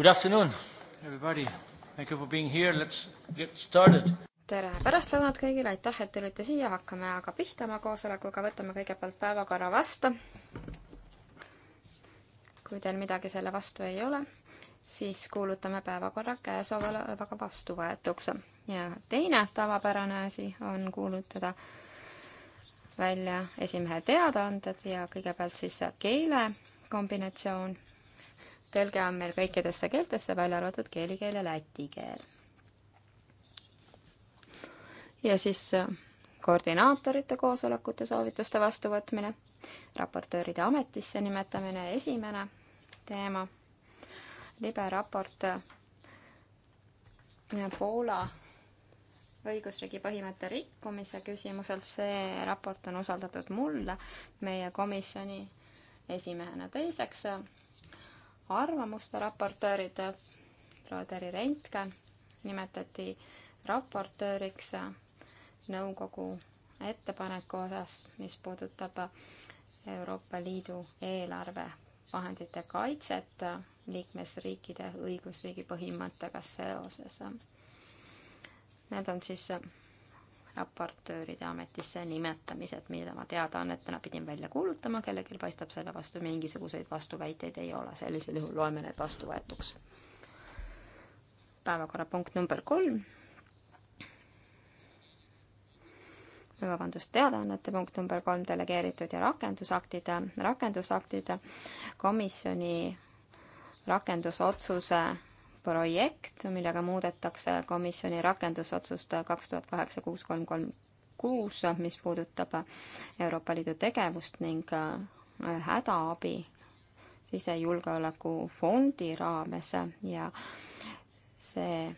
Good afternoon, everybody. Thank you for being here. Let's get started. tere pärastlõunat kõigile, aitäh, et tulite siia, hakkame aga pihta oma koosolekuga, võtame kõigepealt päevakorra vastu. kui teil midagi selle vastu ei ole, siis kuulutame päevakorra käesolevaga vastuvõetuks. ja teine tavapärane asi on kuulutada välja esimehe teadaanded ja kõigepealt siis keele kombinatsioon tõlge on meil kõikidesse keeltesse, välja arvatud keeli keel ja läti keel. ja siis äh, koordinaatorite koosolekute soovituste vastuvõtmine, raportööride ametisse nimetamine, esimene teema, libe raport äh, Poola õigusriigi põhimõtte rikkumise küsimuselt, see raport on usaldatud mulle, meie komisjoni esimehena teiseks äh, arvamuste raportöörid. Roderi Rentke nimetati raportööriks nõukogu ettepaneku osas, mis puudutab Euroopa Liidu eelarve vahendite kaitset liikmesriikide õigusriigi põhimõttega seoses. Need on siis raportööride ametisse nimetamised, mida ma teadaannetena pidin välja kuulutama, kellelgi paistab selle vastu mingisuguseid vastuväiteid ei ole, sellisel juhul loeme need vastuvõetuks. päevakorrapunkt number kolm. vabandust, teadaannete punkt number kolm, delegeeritud ja rakendusaktid, rakendusaktid, komisjoni rakendusotsuse projekt, millega muudetakse komisjoni rakendusotsust kaks tuhat kaheksa kuus kolm kolm kuus, mis puudutab Euroopa Liidu tegevust ning äh, hädaabi sisejulgeolekufondi raames ja see,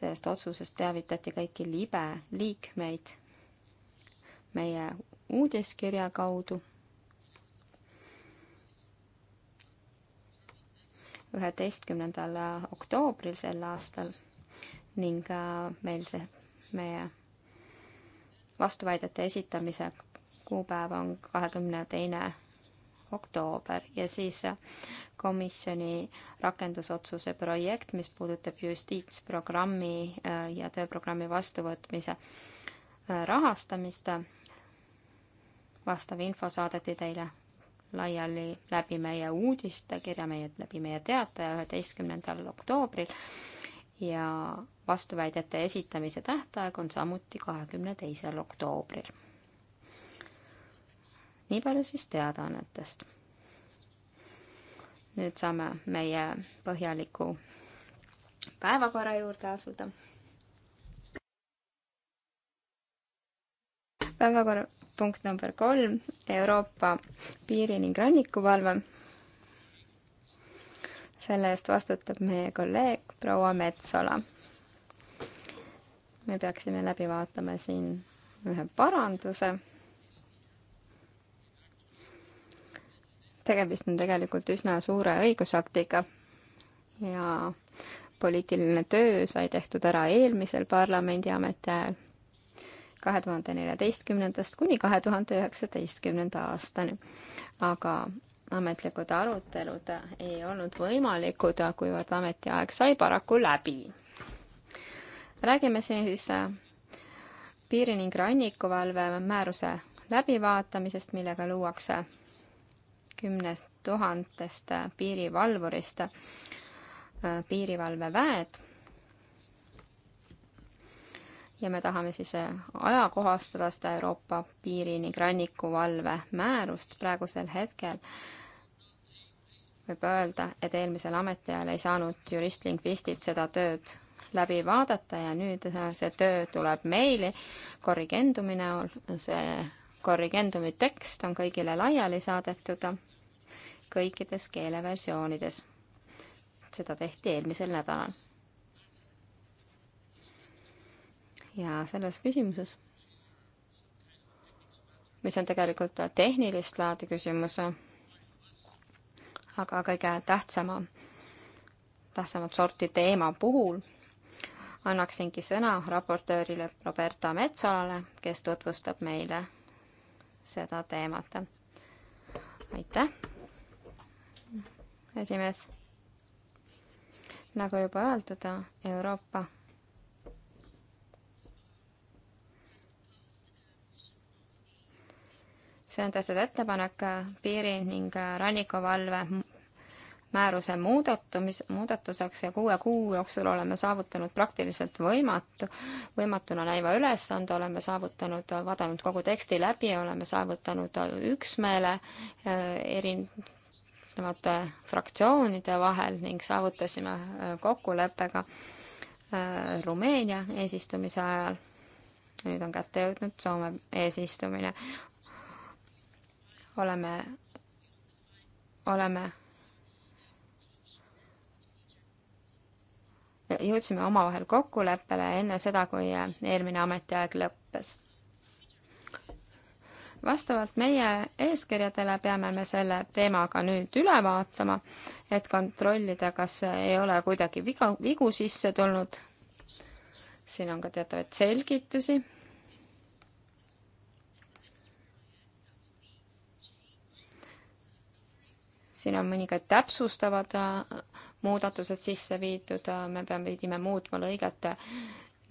sellest otsusest teavitati kõiki libe liikmeid meie uudiskirja kaudu üheteistkümnendal oktoobril sel aastal ning äh, meil see, meie vastuväidete esitamise kuupäev on kahekümne teine oktoober ja siis äh, komisjoni rakendusotsuse projekt, mis puudutab justiitsprogrammi äh, ja tööprogrammi vastuvõtmise rahastamist. vastav info saadeti teile laiali läbi meie uudistekirja, meie, läbi meie teataja üheteistkümnendal oktoobril ja vastuväidete esitamise tähtaeg on samuti kahekümne teisel oktoobril. nii palju siis teadaannetest. nüüd saame meie põhjaliku päevakorra juurde asuda päevakorrapunkt number kolm, Euroopa piiri- ning rannikuvalve. selle eest vastutab meie kolleeg proua Metsola. me peaksime läbi vaatama siin ühe paranduse tegemist on tegelikult üsna suure õigusaktiga ja poliitiline töö sai tehtud ära eelmisel parlamendi ametiajal kahe tuhande neljateistkümnendast kuni kahe tuhande üheksateistkümnenda aastani. aga ametlikud arutelud ei olnud võimalikud, kuivõrd ametiaeg sai paraku läbi. räägime siis äh, piiri ning rannikuvalve määruse läbivaatamisest, millega luuakse kümnest tuhandest äh, piirivalvurist äh, piirivalveväed ja me tahame siis äh, ajakohastada seda Euroopa piiri ning rannikuvalve määrust praegusel hetkel. võib öelda, et eelmisel ametiajal ei saanud juristlingvistid seda tööd läbi vaadata ja nüüd äh, see töö tuleb meile korrigendumi näol, see korrigendumi tekst on kõigile laiali saadetud kõikides keeleversioonides. seda tehti eelmisel nädalal ja selles küsimuses, mis on tegelikult tehnilist laadi küsimus, aga kõige tähtsama, tähtsamat sorti teema puhul, annaksingi sõna raportöörile Roberta Metsalale, kes tutvustab meile seda teemat. aitäh, esimees! nagu juba öeldud, Euroopa see on tehtud ettepanek äh, piiri ning äh, rannikuvalve määruse muudatumis, muudatuseks ja kuue kuu jooksul oleme saavutanud praktiliselt võimatu, võimatuna näiva ülesande, oleme saavutanud, äh, vaadanud kogu teksti läbi, oleme saavutanud üksmeele erinevate fraktsioonide vahel ning saavutasime kokkuleppega Rumeenia eesistumise ajal nüüd on kätte jõudnud Soome eesistumine oleme, oleme, jõudsime omavahel kokkuleppele enne seda, kui eelmine ametiaeg lõppes. vastavalt meie eeskirjadele peame me selle teemaga nüüd üle vaatama, et kontrollida, kas ei ole kuidagi viga, vigu sisse tulnud. siin on ka teatavaid selgitusi siin on mõningad täpsustavad äh, muudatused sisse viidud, äh, me peame, pidime muutma lõigete äh,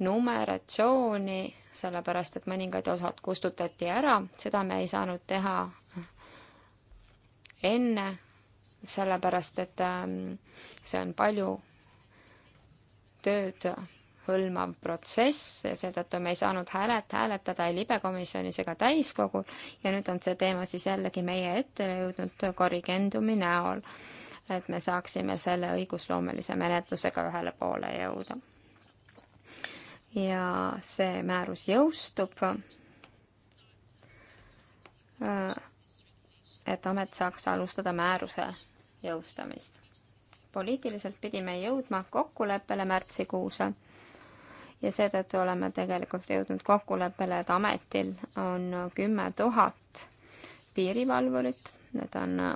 numeratsiooni, sellepärast et mõningad osad kustutati ära, seda me ei saanud teha enne, sellepärast et see on palju tööd hõlmav protsess ja seetõttu me ei saanud häälet, hääletada ei libekomisjonis ega täiskogul ja nüüd on see teema siis jällegi meie ette jõudnud korrigendumi näol, et me saaksime selle õigusloomelise menetlusega ühele poole jõuda. ja see määrus jõustub et amet saaks alustada määruse jõustamist. poliitiliselt pidime jõudma kokkuleppele märtsikuus ja seetõttu oleme tegelikult jõudnud kokkuleppele, et ametil on kümme tuhat piirivalvurit, need on äh,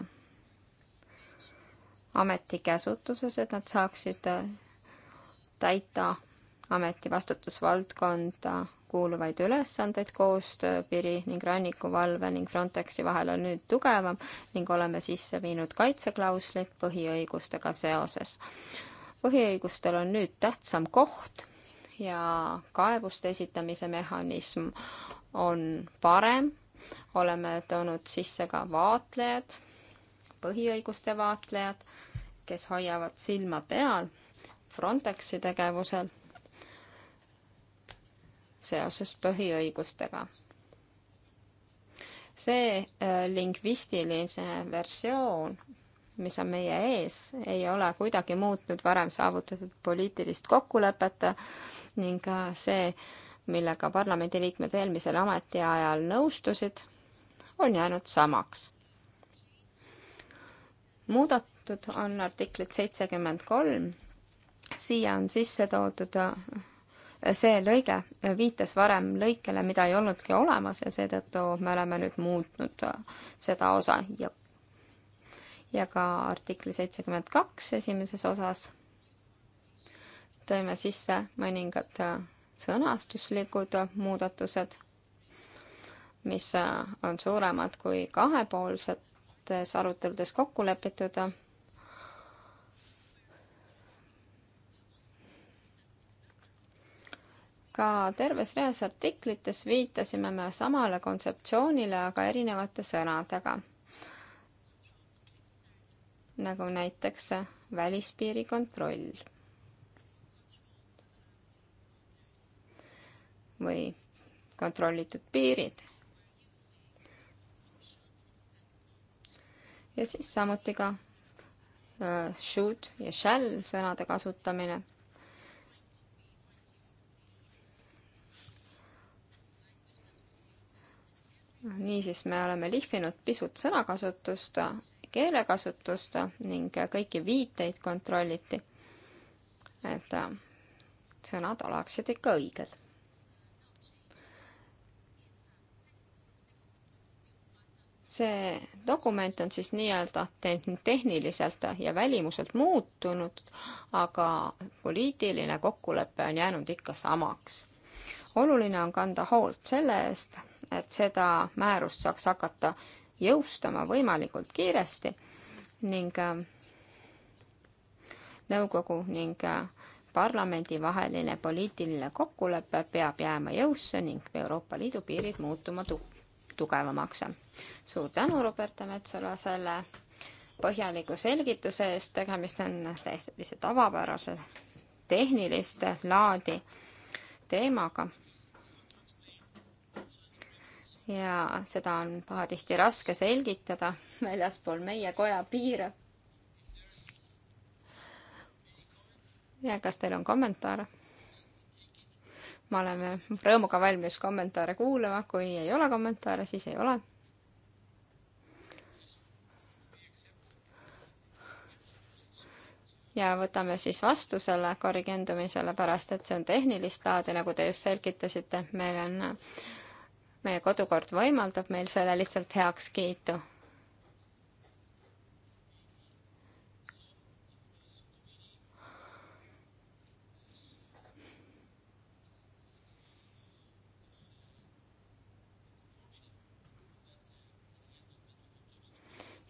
ameti käsutuses, et nad saaksid äh, täita ameti vastutusvaldkonda kuuluvaid ülesandeid, koostöö piiri ning rannikuvalve ning Frontexi vahel on nüüd tugevam ning oleme sisse viinud kaitseklauslid põhiõigustega seoses. põhiõigustel on nüüd tähtsam koht ja kaebuste esitamise mehhanism on parem. oleme toonud sisse ka vaatlejad, põhiõiguste vaatlejad, kes hoiavad silma peal Frontexi tegevusel seoses põhiõigustega. see eh, lingvistiline versioon mis on meie ees, ei ole kuidagi muutnud varem saavutatud poliitilist kokkulepet ning äh, see, millega parlamendiliikmed eelmisel ametiajal nõustusid, on jäänud samaks. muudatud on artiklit seitsekümmend kolm, siia on sisse toodud äh, see lõige viitas varem lõikele, mida ei olnudki olemas ja seetõttu me oleme nüüd muutnud äh, seda osa ja ja ka artikli seitsekümmend kaks esimeses osas tõime sisse mõningad äh, sõnastuslikud muudatused, mis äh, on suuremad kui kahepoolsetes aruteludes kokku lepitud. ka terves reas artiklites viitasime me samale kontseptsioonile, aga erinevate sõnadega nagu näiteks välispiiri kontroll või kontrollitud piirid. ja siis samuti ka uh, äh, should ja shall sõnade kasutamine niisiis, me oleme lihvinud pisut sõnakasutust keelekasutust ning kõiki viiteid kontrolliti, et sõnad oleksid ikka õiged. see dokument on siis nii-öelda tehniliselt ja välimuselt muutunud, aga poliitiline kokkulepe on jäänud ikka samaks. oluline on kanda hoolt selle eest, et seda määrust saaks hakata jõustama võimalikult kiiresti ning äh, nõukogu ning äh, parlamendi vaheline poliitiline kokkulepe peab jääma jõusse ning Euroopa Liidu piirid muutuma tu tugevamaks. suur tänu, Roberta Metsola, selle põhjaliku selgituse eest, tegemist on täiesti tavapärase tehniliste laadi teemaga ja seda on pahatihti raske selgitada väljaspool meie koja piire. ja kas teil on kommentaare? me oleme rõõmuga valmis kommentaare kuulama, kui ei ole kommentaare, siis ei ole ja võtame siis vastu selle korrigendumi, sellepärast et see on tehnilist laadi, nagu te just selgitasite, meil on meie kodukord võimaldab meil selle lihtsalt heakskiitu.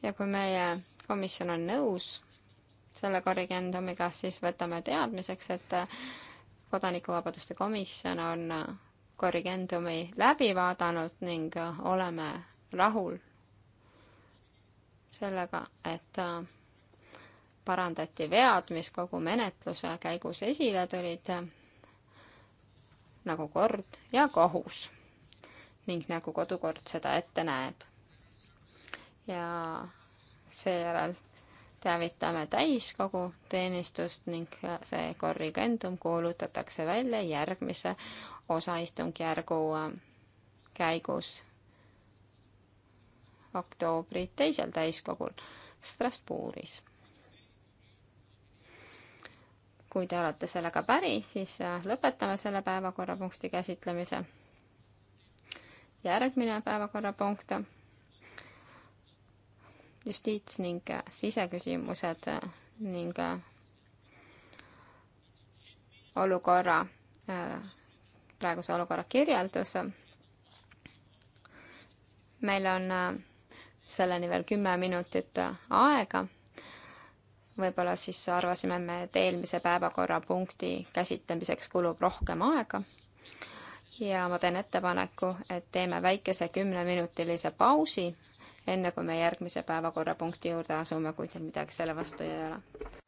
ja kui meie komisjon on nõus selle korrigendumiga, siis võtame teadmiseks, et äh, kodanikuvabaduste komisjon on äh, korrigendumi läbi vaadanud ning äh, oleme rahul sellega, et äh, parandati vead, mis kogu menetluse käigus esile tulid, nagu kord ja kohus ning nagu kodukord seda ette näeb. ja seejärel teavitame täiskogu teenistust ning äh, see korrigendum kuulutatakse välja järgmise osa istungjärgu äh, käigus oktoobri teisel täiskogul Strasbourgis. kui te olete sellega päri, siis äh, lõpetame selle päevakorrapunkti käsitlemise. järgmine päevakorrapunkt justiits- ning äh, siseküsimused ning olukorra praeguse olukorra kirjeldus. meil on äh, selleni veel kümme minutit äh, aega. võib-olla siis arvasime me, et eelmise päevakorrapunkti käsitlemiseks kulub rohkem aega. ja ma teen ettepaneku, et teeme väikese kümneminutilise pausi, enne kui me järgmise päevakorrapunkti juurde asume, kui teil midagi selle vastu ei ole.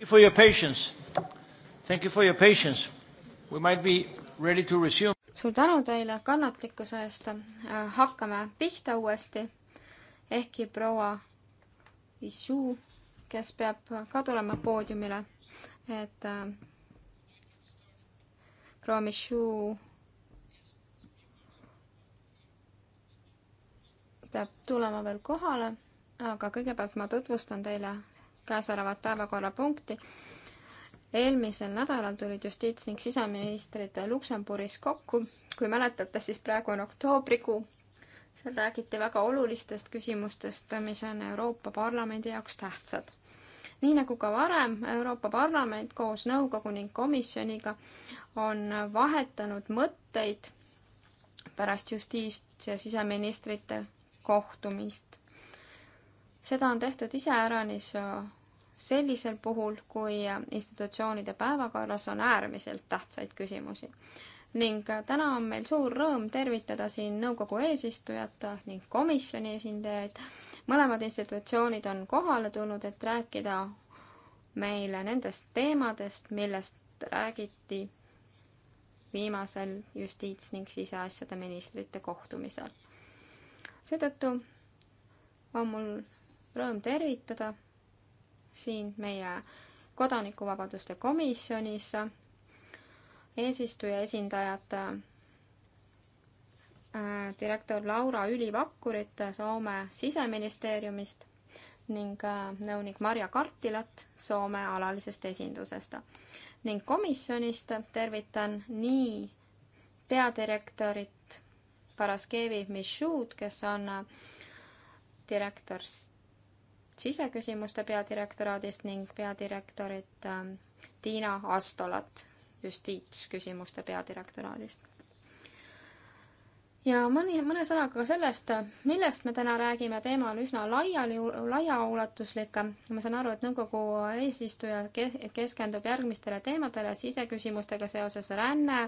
you for your patience. Thank you for your patience. We might be ready to resume. suur tänu teile kannatlikkuse eest. Äh, hakkame pihta uuesti. ehkki proua Isu, kes peab ka tulema poodiumile, et äh, proua Michu peab tulema veel kohale, aga kõigepealt ma tutvustan teile käesolevat päevakorrapunkti. eelmisel nädalal tulid justiits- ning siseministrid Luksemburgis kokku. kui mäletate, siis praegu on oktoobrikuu. seal räägiti väga olulistest küsimustest, mis on Euroopa Parlamendi jaoks tähtsad nii nagu ka varem, Euroopa Parlament koos nõukogu ning komisjoniga on vahetanud mõtteid pärast justiits- ja siseministrite kohtumist. seda on tehtud iseäranis sellisel puhul, kui institutsioonide päevakorras on äärmiselt tähtsaid küsimusi. ning täna on meil suur rõõm tervitada siin nõukogu eesistujat ning komisjoni esindajaid. mõlemad institutsioonid on kohale tulnud, et rääkida meile nendest teemadest, millest räägiti viimasel justiits- ning siseasjade ministrite kohtumisel. seetõttu on mul rõõm tervitada siin meie kodanikuvabaduste komisjonis eesistuja esindajat äh, direktor Laura Ülivakkurit Soome siseministeeriumist ning äh, nõunik Marja Kartilat Soome alalisest esindusest. ning komisjonist tervitan nii peadirektorit Paraskevi Mishud, kes on äh, direktor siseküsimuste peadirektoraadist ning peadirektorit ähm, Tiina Astolat justiitsküsimuste peadirektoraadist ja mõni, mõne sõnaga ka sellest, millest me täna räägime, teema on üsna laiali, laiaulatuslik. ma saan aru, et nõukogu eesistuja keskendub järgmistele teemadele, siseküsimustega seoses ränne,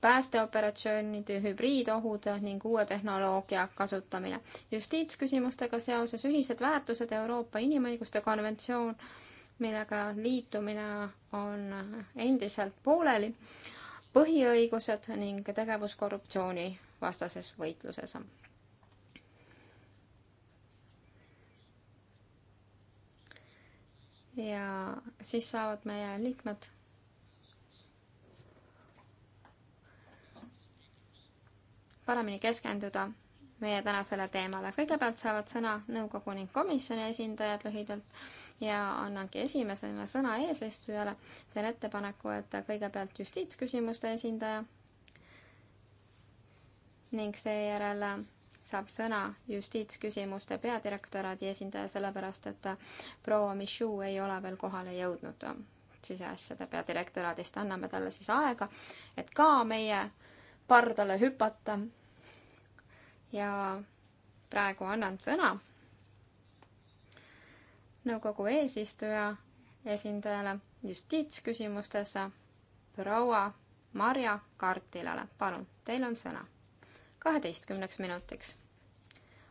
päästeoperatsioonid, hübriidohud ning uue tehnoloogia kasutamine. justiitsküsimustega seoses ühised väärtused, Euroopa Inimõiguste konventsioon, millega liitumine on endiselt pooleli põhiõigused ning tegevus korruptsiooni vastases võitluses. ja siis saavad meie liikmed paremini keskenduda meie tänasele teemale. kõigepealt saavad sõna nõukogu ning komisjoni esindajad lühidalt ja annangi esimesena sõna eesistujale. teen ettepaneku, et kõigepealt justiitsküsimuste esindaja ning seejärel saab sõna justiitsküsimuste peadirektoraadi esindaja, sellepärast et proua Michu ei ole veel kohale jõudnud siseasjade peadirektoraadist, anname talle siis aega, et ka meie pardale hüpata. ja praegu annan sõna nõukogu eesistuja esindajale justiitsküsimustes proua Marja Kartilale, palun, teil on sõna kaheteistkümneks minutiks.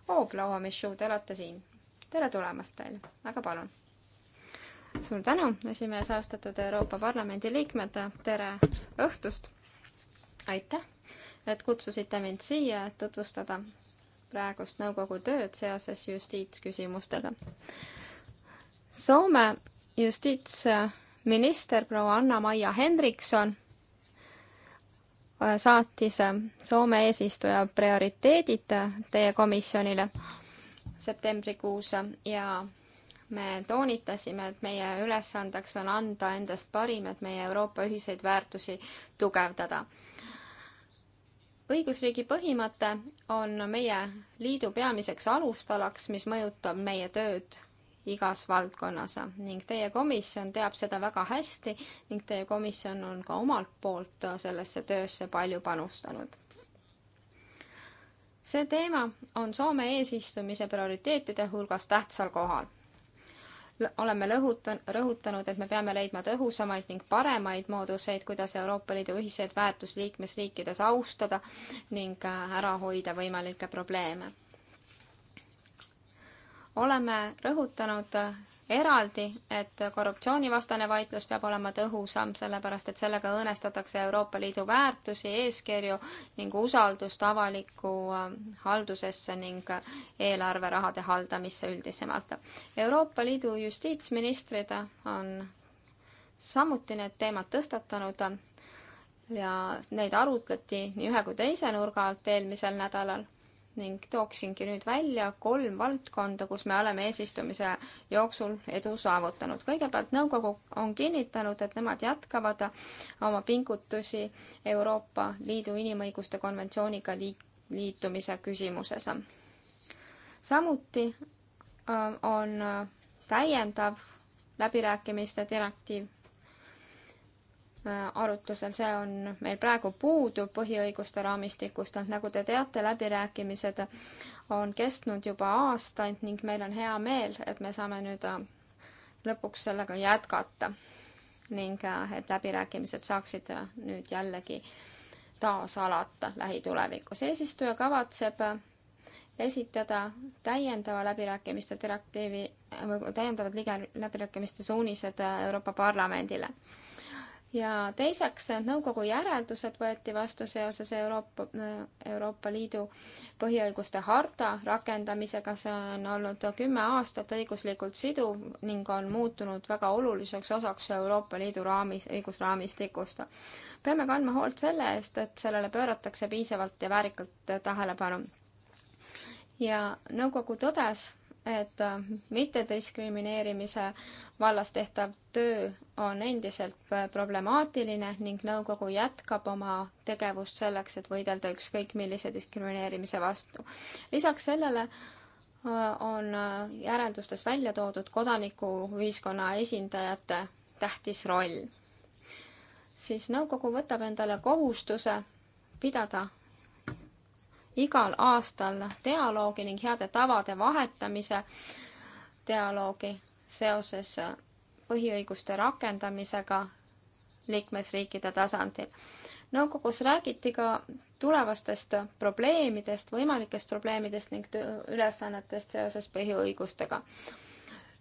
hooplaua, mis show, te olete siin. tere tulemast teile, aga palun. suur tänu, esimees, austatud Euroopa Parlamendi liikmed, tere õhtust. aitäh, et kutsusite mind siia, et tutvustada praegust nõukogu tööd seoses justiitsküsimustega. Soome justiitsminister proua Anna-Maia Henrikson saatis Soome eesistuja prioriteedid teie komisjonile septembrikuus ja me toonitasime, et meie ülesandeks on anda endast parim, et meie Euroopa ühiseid väärtusi tugevdada. õigusriigi põhimõte on meie liidu peamiseks alustalaks, mis mõjutab meie tööd igas valdkonnas ning teie komisjon teab seda väga hästi ning teie komisjon on ka omalt poolt sellesse töösse palju panustanud. see teema on Soome eesistumise prioriteetide hulgas tähtsal kohal. oleme lõhutan-, rõhutanud, et me peame leidma tõhusamaid ning paremaid mooduseid, kuidas Euroopa Liidu ühiseid väärtus liikmesriikides austada ning ära hoida võimalikke probleeme oleme rõhutanud äh, eraldi, et korruptsioonivastane vaidlus peab olema tõhusam, sellepärast et sellega õõnestatakse Euroopa Liidu väärtusi, eeskirju ning usaldust avalikku äh, haldusesse ning äh, eelarverahade haldamisse üldisemalt. Euroopa Liidu justiitsministrid on samuti need teemad tõstatanud ja neid arutleti nii ühe kui teise nurga alt eelmisel nädalal ning tooksingi nüüd välja kolm valdkonda, kus me oleme eesistumise jooksul edu saavutanud. kõigepealt nõukogu on kinnitanud, et nemad jätkavad oma pingutusi Euroopa Liidu inimõiguste konventsiooniga liitumise küsimuses. samuti äh, on äh, täiendav läbirääkimiste direktiiv Äh, arutlusel, see on meil praegu puudu põhiõiguste raamistikust, nagu te teate, läbirääkimised on kestnud juba aastaid ning meil on hea meel, et me saame nüüd äh, lõpuks sellega jätkata. ning äh, et läbirääkimised saaksid nüüd jällegi taas alata lähitulevikus. eesistuja kavatseb esitada täiendava läbirääkimiste direktiivi, täiendavad liige läbirääkimiste suunised Euroopa Parlamendile ja teiseks, nõukogu järeldused võeti vastu seoses Euroopa, Euroopa Liidu põhiõiguste harta rakendamisega, see on olnud kümme aastat õiguslikult siduv ning on muutunud väga oluliseks osaks Euroopa Liidu raamis, õigusraamistikust. peame kandma hoolt selle eest, et sellele pööratakse piisavalt ja väärikalt tähelepanu. ja nõukogu tõdes, et äh, mittediskrimineerimise vallas tehtav töö on endiselt äh, problemaatiline ning nõukogu jätkab oma tegevust selleks, et võidelda ükskõik millise diskrimineerimise vastu. lisaks sellele äh, on järeldustes välja toodud kodanikuühiskonna esindajate tähtis roll. siis nõukogu võtab endale kohustuse pidada igal aastal dialoogi ning heade tavade vahetamise dialoogi seoses põhiõiguste rakendamisega liikmesriikide tasandil. nõukogus räägiti ka tulevastest probleemidest, võimalikest probleemidest ning ülesannetest seoses põhiõigustega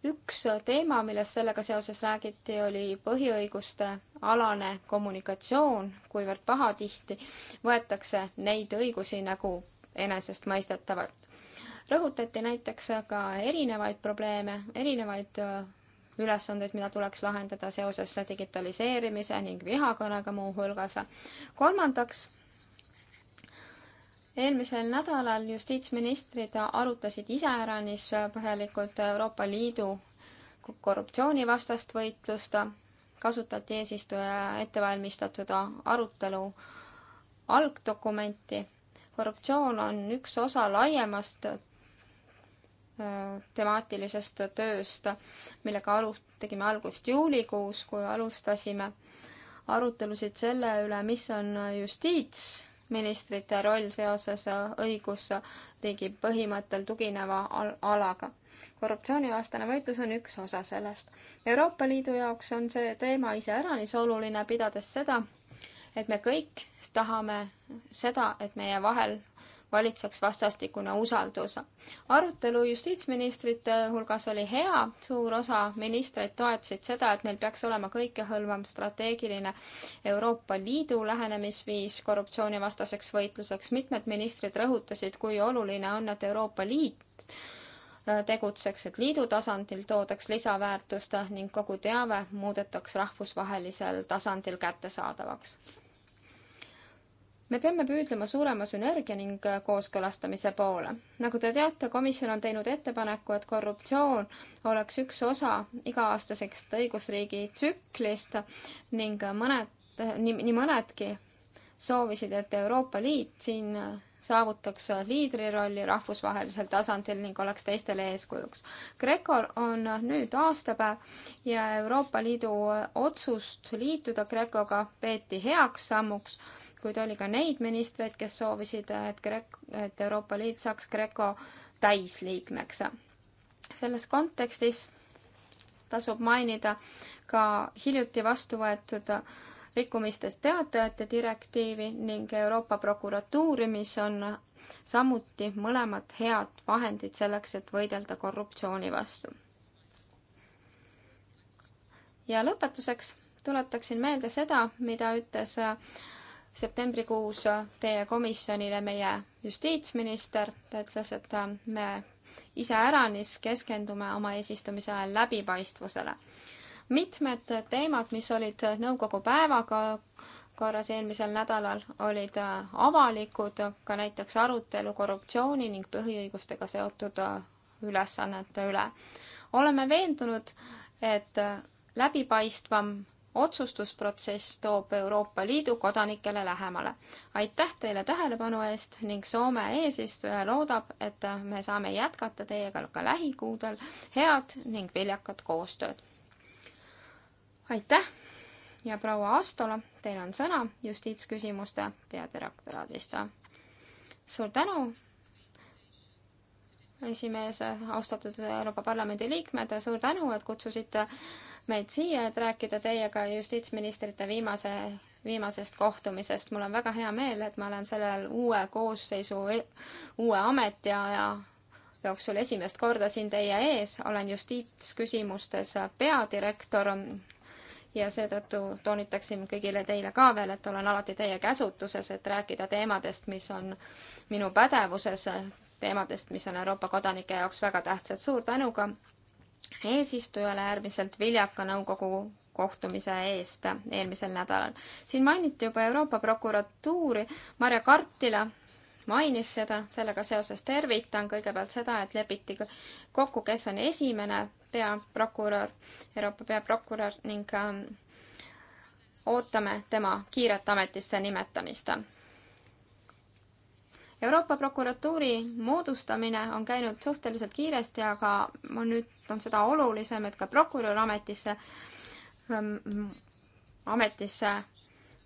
üks teema, millest sellega seoses räägiti, oli põhiõiguste alane kommunikatsioon, kuivõrd pahatihti võetakse neid õigusi nagu enesestmõistetavalt. rõhutati näiteks ka erinevaid probleeme, erinevaid äh, ülesandeid, mida tuleks lahendada seoses digitaliseerimise ning vihakõnega muuhulgas. kolmandaks eelmisel nädalal justiitsministrid arutasid iseäranis põhjalikult Euroopa Liidu korruptsioonivastast võitlust, kasutati eesistuja ettevalmistatud arutelu algdokumenti. korruptsioon on üks osa laiemast äh, temaatilisest tööst, millega alu-, tegime algust juulikuus, kui alustasime arutelusid selle üle, mis on justiits justiitsministrite roll seoses õigusriigi põhimõttel tugineva al alaga. korruptsioonivastane võitlus on üks osa sellest. Euroopa Liidu jaoks on see teema iseäranis oluline, pidades seda, et me kõik tahame seda, et meie vahel valitseks vastastikune usaldus. arutelu justiitsministrite hulgas oli hea, suur osa ministreid toetasid seda, et meil peaks olema kõikehõlmav strateegiline Euroopa Liidu lähenemisviis korruptsioonivastaseks võitluseks. mitmed ministrid rõhutasid, kui oluline on, et Euroopa Liit tegutseks, et liidu tasandil toodaks lisaväärtust ning kogu teave muudetaks rahvusvahelisel tasandil kättesaadavaks me peame püüdlema suurema sünergia ning äh, kooskõlastamise poole. nagu te teate, komisjon on teinud ettepaneku, et korruptsioon oleks üks osa iga-aastasest õigusriigi tsüklist ning äh, mõned, äh, nii, nii mõnedki soovisid, et Euroopa Liit siin saavutaks liidrirolli rahvusvahelisel tasandil ning oleks teistele eeskujuks. Grekol on nüüd aastapäev ja Euroopa Liidu otsust liituda Grekoga peeti heaks sammuks kuid oli ka neid ministreid, kes soovisid, et Grek-, et Euroopa Liit saaks Greco täisliikmeks. selles kontekstis tasub mainida ka hiljuti vastu võetud rikkumistest teatajate direktiivi ning Euroopa prokuratuuri, mis on samuti mõlemad head vahendid selleks, et võidelda korruptsiooni vastu. ja lõpetuseks tuletaksin meelde seda, mida ütles septembrikuus teie komisjonile meie justiitsminister, ta ütles, et me iseäranis keskendume oma eesistumise ajal läbipaistvusele. mitmed teemad, mis olid nõukogu päevaga korras eelmisel nädalal, olid avalikud, ka näiteks arutelu korruptsiooni ning põhiõigustega seotud ülesannete üle. oleme veendunud, et läbipaistvam otsustusprotsess toob Euroopa Liidu kodanikele lähemale. aitäh teile tähelepanu eest ning Soome eesistuja loodab, et me saame jätkata teiega ka lähikuudel head ning viljakat koostööd. aitäh ja proua Astola, teil on sõna justiitsküsimuste peadirektoraadist. suur tänu esimees, austatud Euroopa Parlamendi liikmed, suur tänu, et kutsusite meid siia, et rääkida teiega justiitsministrite viimase, viimasest kohtumisest. mul on väga hea meel, et ma olen sellel uue koosseisu, e, uue ametiaja jooksul esimest korda siin teie ees, olen justiitsküsimustes peadirektor ja seetõttu toonitaksin kõigile teile ka veel, et olen alati teie käsutuses, et rääkida teemadest, mis on minu pädevuses, teemadest, mis on Euroopa kodanike jaoks väga tähtsad. suur tänu ka eesistujale äärmiselt viljaka nõukogu kohtumise eest eelmisel nädalal. siin mainiti juba Euroopa prokuratuuri, Marja Kartila mainis seda, sellega seoses tervitan kõigepealt seda, et lepiti kokku, kes on esimene peaprokurör, Euroopa peaprokurör ning ähm, ootame tema kiiret ametisse nimetamist Euroopa prokuratuuri moodustamine on käinud suhteliselt kiiresti, aga ma nüüd on seda olulisem, et ka prokurör ametisse ähm,, ametisse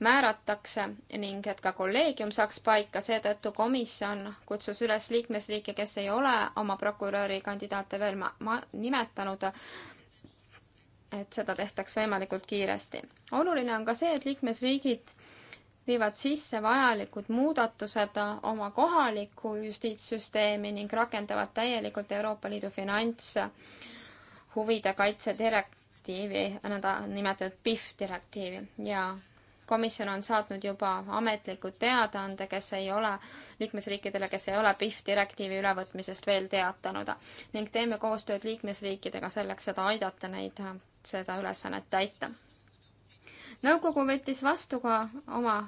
määratakse ning et ka kolleegium saaks paika, seetõttu komisjon kutsus üles liikmesriike, kes ei ole oma prokuröri kandidaate veel ma-, ma-, nimetanud, et seda tehtaks võimalikult kiiresti. oluline on ka see, et liikmesriigid viivad sisse vajalikud muudatused oma kohalikku justiitssüsteemi ning rakendavad täielikult Euroopa Liidu finantshuvide kaitse direktiivi, nõnda nimetatud PIF direktiivi ja komisjon on saatnud juba ametlikud teadaande, kes ei ole, liikmesriikidele, kes ei ole PIF direktiivi ülevõtmisest veel teatanud. ning teeme koostööd liikmesriikidega selleks, et aidata neid seda ülesannet täita. nõukogu võttis vastu ka oma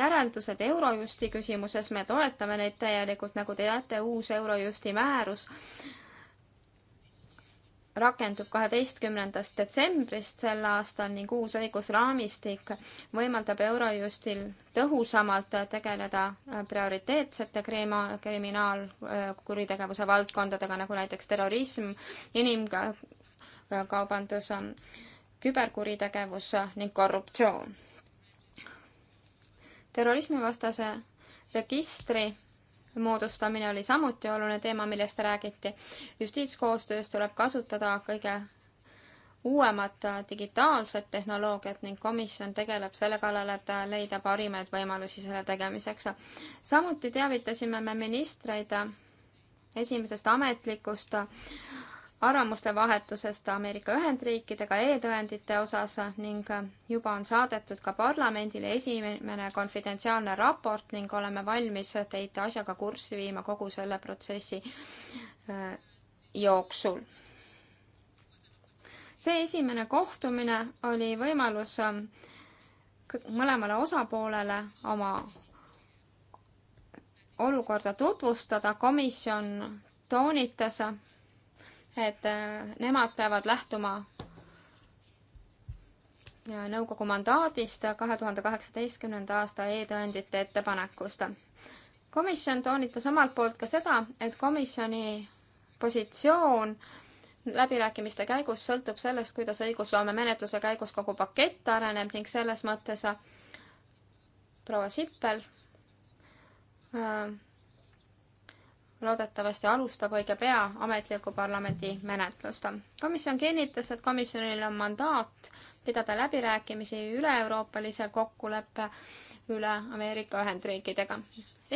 järeldused Eurojusti küsimuses, me toetame neid täielikult, nagu te teate, uus Eurojusti määrus rakendub kaheteistkümnendast detsembrist sel aastal ning uus õigusraamistik võimaldab Eurojustil tõhusamalt tegeleda äh, prioriteetsete krima-, kriminaalkuritegevuse valdkondadega, nagu näiteks terrorism, inimkaubandus, küberkuritegevus ning korruptsioon terrorismivastase registri moodustamine oli samuti oluline teema, millest räägiti. justiitskoostöös tuleb kasutada kõige uuemat digitaalset tehnoloogiat ning komisjon tegeleb selle kallal, et leida parimaid võimalusi selle tegemiseks. samuti teavitasime me ministreid esimesest ametlikust arvamuste vahetusest Ameerika Ühendriikidega e-tõendite osas ning juba on saadetud ka parlamendile esimene konfidentsiaalne raport ning oleme valmis teid asjaga kurssi viima kogu selle protsessi äh, jooksul. see esimene kohtumine oli võimalus äh, mõlemale osapoolele oma olukorda tutvustada, komisjon toonitas, et äh, nemad peavad lähtuma äh, nõukogu mandaadist kahe tuhande kaheksateistkümnenda aasta e-tõendite ettepanekust. komisjon toonitas omalt poolt ka seda, et komisjoni positsioon läbirääkimiste käigus sõltub sellest, kuidas õigusloome menetluse käigus kogu pakett areneb ning selles mõttes äh, proua Sippel äh, loodetavasti alustab õige pea ametlikku parlamendi menetlust. komisjon kinnitas, et komisjonil on mandaat pidada läbirääkimisi üle-euroopalise kokkuleppe üle Ameerika Ühendriikidega.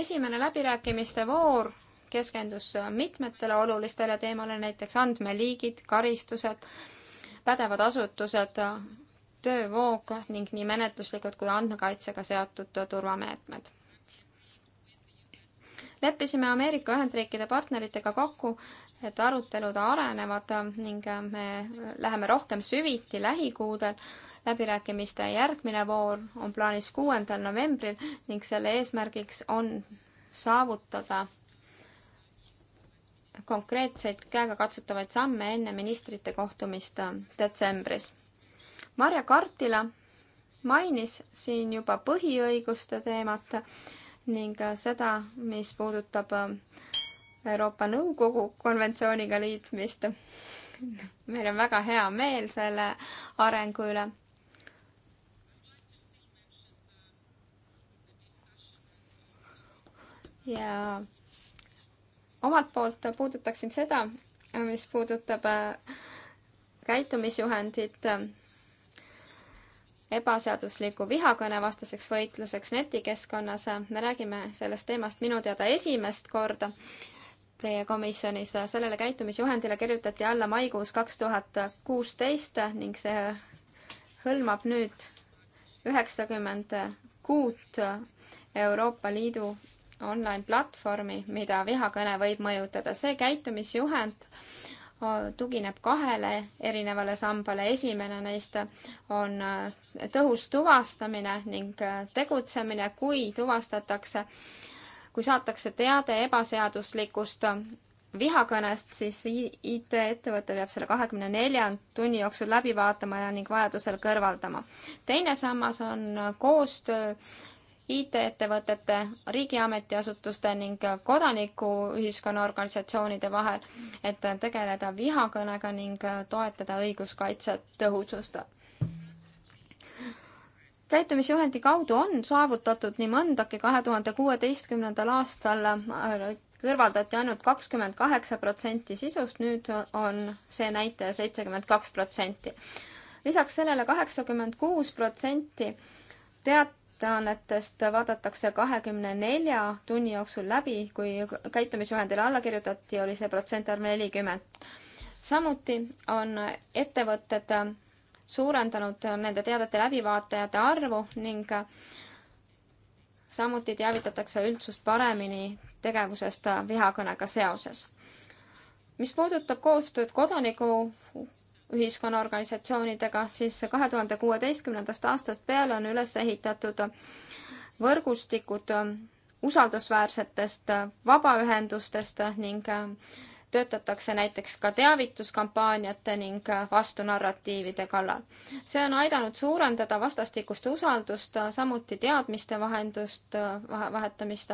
esimene läbirääkimiste voor keskendus mitmetele olulistele teemale, näiteks andmeliigid, karistused, pädevad asutused, töövoog ning nii menetluslikud kui andmekaitsega seotud turvameetmed leppisime Ameerika Ühendriikide partneritega kokku, et arutelud arenevad ning me läheme rohkem süviti lähikuudel. läbirääkimiste järgmine voor on plaanis kuuendal novembril ning selle eesmärgiks on saavutada konkreetseid käegakatsutavaid samme enne ministrite kohtumist detsembris. Marja Kartila mainis siin juba põhiõiguste teemat ning äh, seda, mis puudutab äh, Euroopa Nõukogu konventsiooniga liitmist. meil on väga hea meel selle arengu üle. ja omalt poolt puudutaksin seda, mis puudutab äh, käitumisjuhendit ebaseadusliku vihakõne vastaseks võitluseks netikeskkonnas. me räägime sellest teemast minu teada esimest korda teie komisjonis. sellele käitumisjuhendile kirjutati alla maikuus kaks tuhat kuusteist ning see hõlmab nüüd üheksakümmend kuut Euroopa Liidu online platvormi, mida vihakõne võib mõjutada. see käitumisjuhend tugineb kahele erinevale sambale. esimene neist on äh, tõhus tuvastamine ning äh, tegutsemine, kui tuvastatakse, kui saatakse teade ebaseaduslikust äh, vihakõnest, siis IT-ettevõte peab selle kahekümne nelja tunni jooksul läbi vaatama ja ning vajadusel kõrvaldama. teine sammas on koostöö IT-ettevõtete, riigiametiasutuste ning kodanikuühiskonna organisatsioonide vahel, et tegeleda vihakõnega ning toetada õiguskaitse tõhusust käitumisjuhendi kaudu on saavutatud nii mõndagi, kahe tuhande kuueteistkümnendal aastal kõrvaldati ainult kakskümmend kaheksa protsenti sisust, nüüd on see näitaja seitsekümmend kaks protsenti. lisaks sellele kaheksakümmend kuus protsenti teat-, teadetest vaadatakse kahekümne nelja tunni jooksul läbi, kui käitumisjuhendile alla kirjutati, oli see protsentarv nelikümmend. samuti on ettevõtted suurendanud nende teadete läbivaatajate arvu ning samuti teavitatakse üldsust paremini tegevusest vihakõnega seoses. mis puudutab koostööd kodaniku ühiskonnaorganisatsioonidega, siis kahe tuhande kuueteistkümnendast aastast peale on üles ehitatud võrgustikud usaldusväärsetest vabaühendustest ning töötatakse näiteks ka teavituskampaaniate ning vastunarratiivide kallal. see on aidanud suurendada vastastikust usaldust, samuti teadmiste vahendust, vahetamist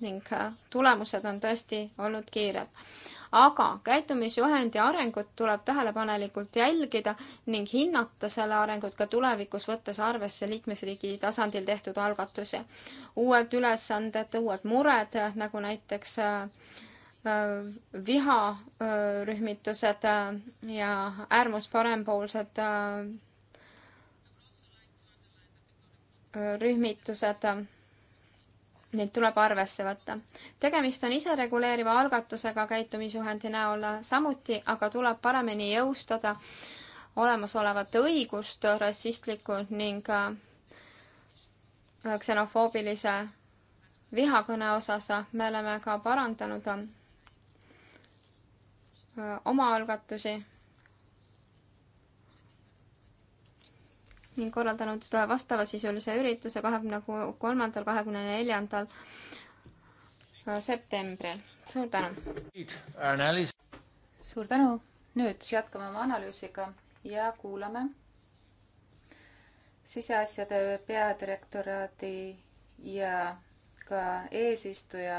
ning tulemused on tõesti olnud kiired aga käitumisjuhendi arengut tuleb tähelepanelikult jälgida ning hinnata selle arengut ka tulevikus, võttes arvesse liikmesriigi tasandil tehtud algatusi. uued ülesanded, uued mured, nagu näiteks äh, äh, viharühmitused äh, ja äärmusparempoolsed rühmitused neid tuleb arvesse võtta. tegemist on isereguleeriva algatusega käitumisjuhendi näol samuti, aga tuleb paremini jõustada olemasolevat õigust rassistliku ning äh, ksenofoobilise vihakõne osas me oleme ka parandanud äh, omaalgatusi ning korraldanud vastavasisulise ürituse kahekümne kolmandal, kahekümne neljandal äh, septembril. suur tänu! suur tänu! nüüd jätkame oma analüüsiga ja kuulame siseasjade peadirektoraadi ja ka eesistuja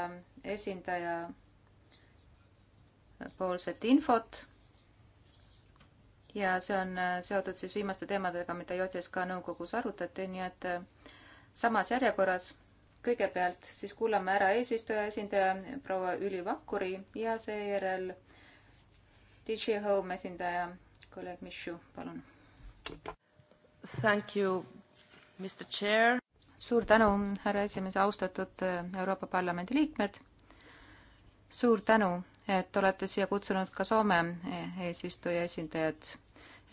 esindaja poolset infot ja see on äh, seotud siis viimaste teemadega, mida JTSK nõukogus arutati, nii et äh, samas järjekorras kõigepealt siis kuulame ära eesistuja esindaja proua Üli Vakkuri ja seejärel DJ Home esindaja kolleeg Michu, palun. Thank you, Mr Chair. suur tänu, härra esimees, austatud äh, Euroopa Parlamendi liikmed. suur tänu et olete siia kutsunud ka Soome e-, eesistuja esindajad,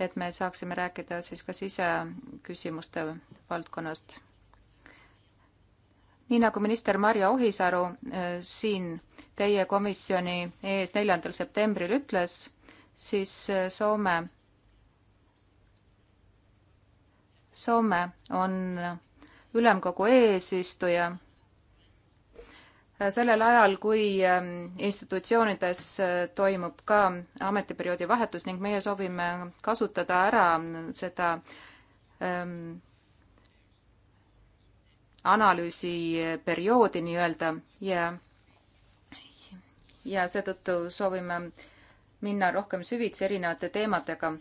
et me saaksime rääkida siis ka siseküsimuste valdkonnast. nii nagu minister Marja Ohisaru e, siin teie komisjoni ees neljandal septembril ütles, siis e, Soome, Soome on ülemkogu eesistuja sellel ajal, kui ähm, institutsioonides äh, toimub ka ametiperioodi vahetus ning meie soovime kasutada ära seda ähm, analüüsiperioodi nii-öelda ja, ja seetõttu soovime minna rohkem süvitsi erinevate teemadega,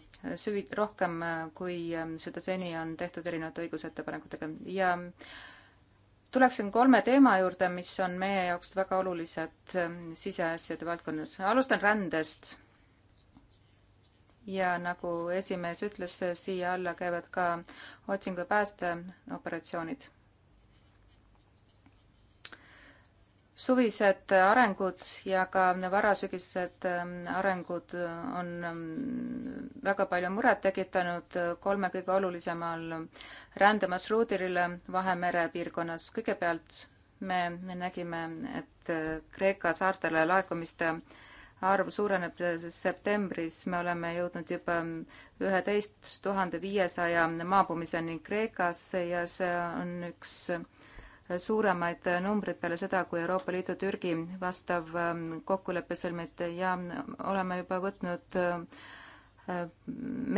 süvi-, rohkem äh, kui ähm, seda seni on tehtud erinevate õigusettepanekutega ja äh, tuleksin kolme teema juurde, mis on meie jaoks väga olulised ähm, siseasjade valdkonnas. alustan rändest. ja nagu esimees ütles, siia alla käivad ka otsingu- ja päästeoperatsioonid suvised arengud ja ka varasügised ähm, arengud äh, on ähm, väga palju muret tekitanud kolme kõige olulisemal rändemasruudil Vahemere piirkonnas. kõigepealt me nägime, et äh, Kreeka saartele laekumiste arv suureneb septembris, me oleme jõudnud juba üheteist tuhande viiesaja maabumiseni Kreekas ja see on üks suuremaid numbreid peale seda, kui Euroopa Liidu Türgi vastav ähm, kokkulepe sõlmiti ja oleme juba võtnud äh,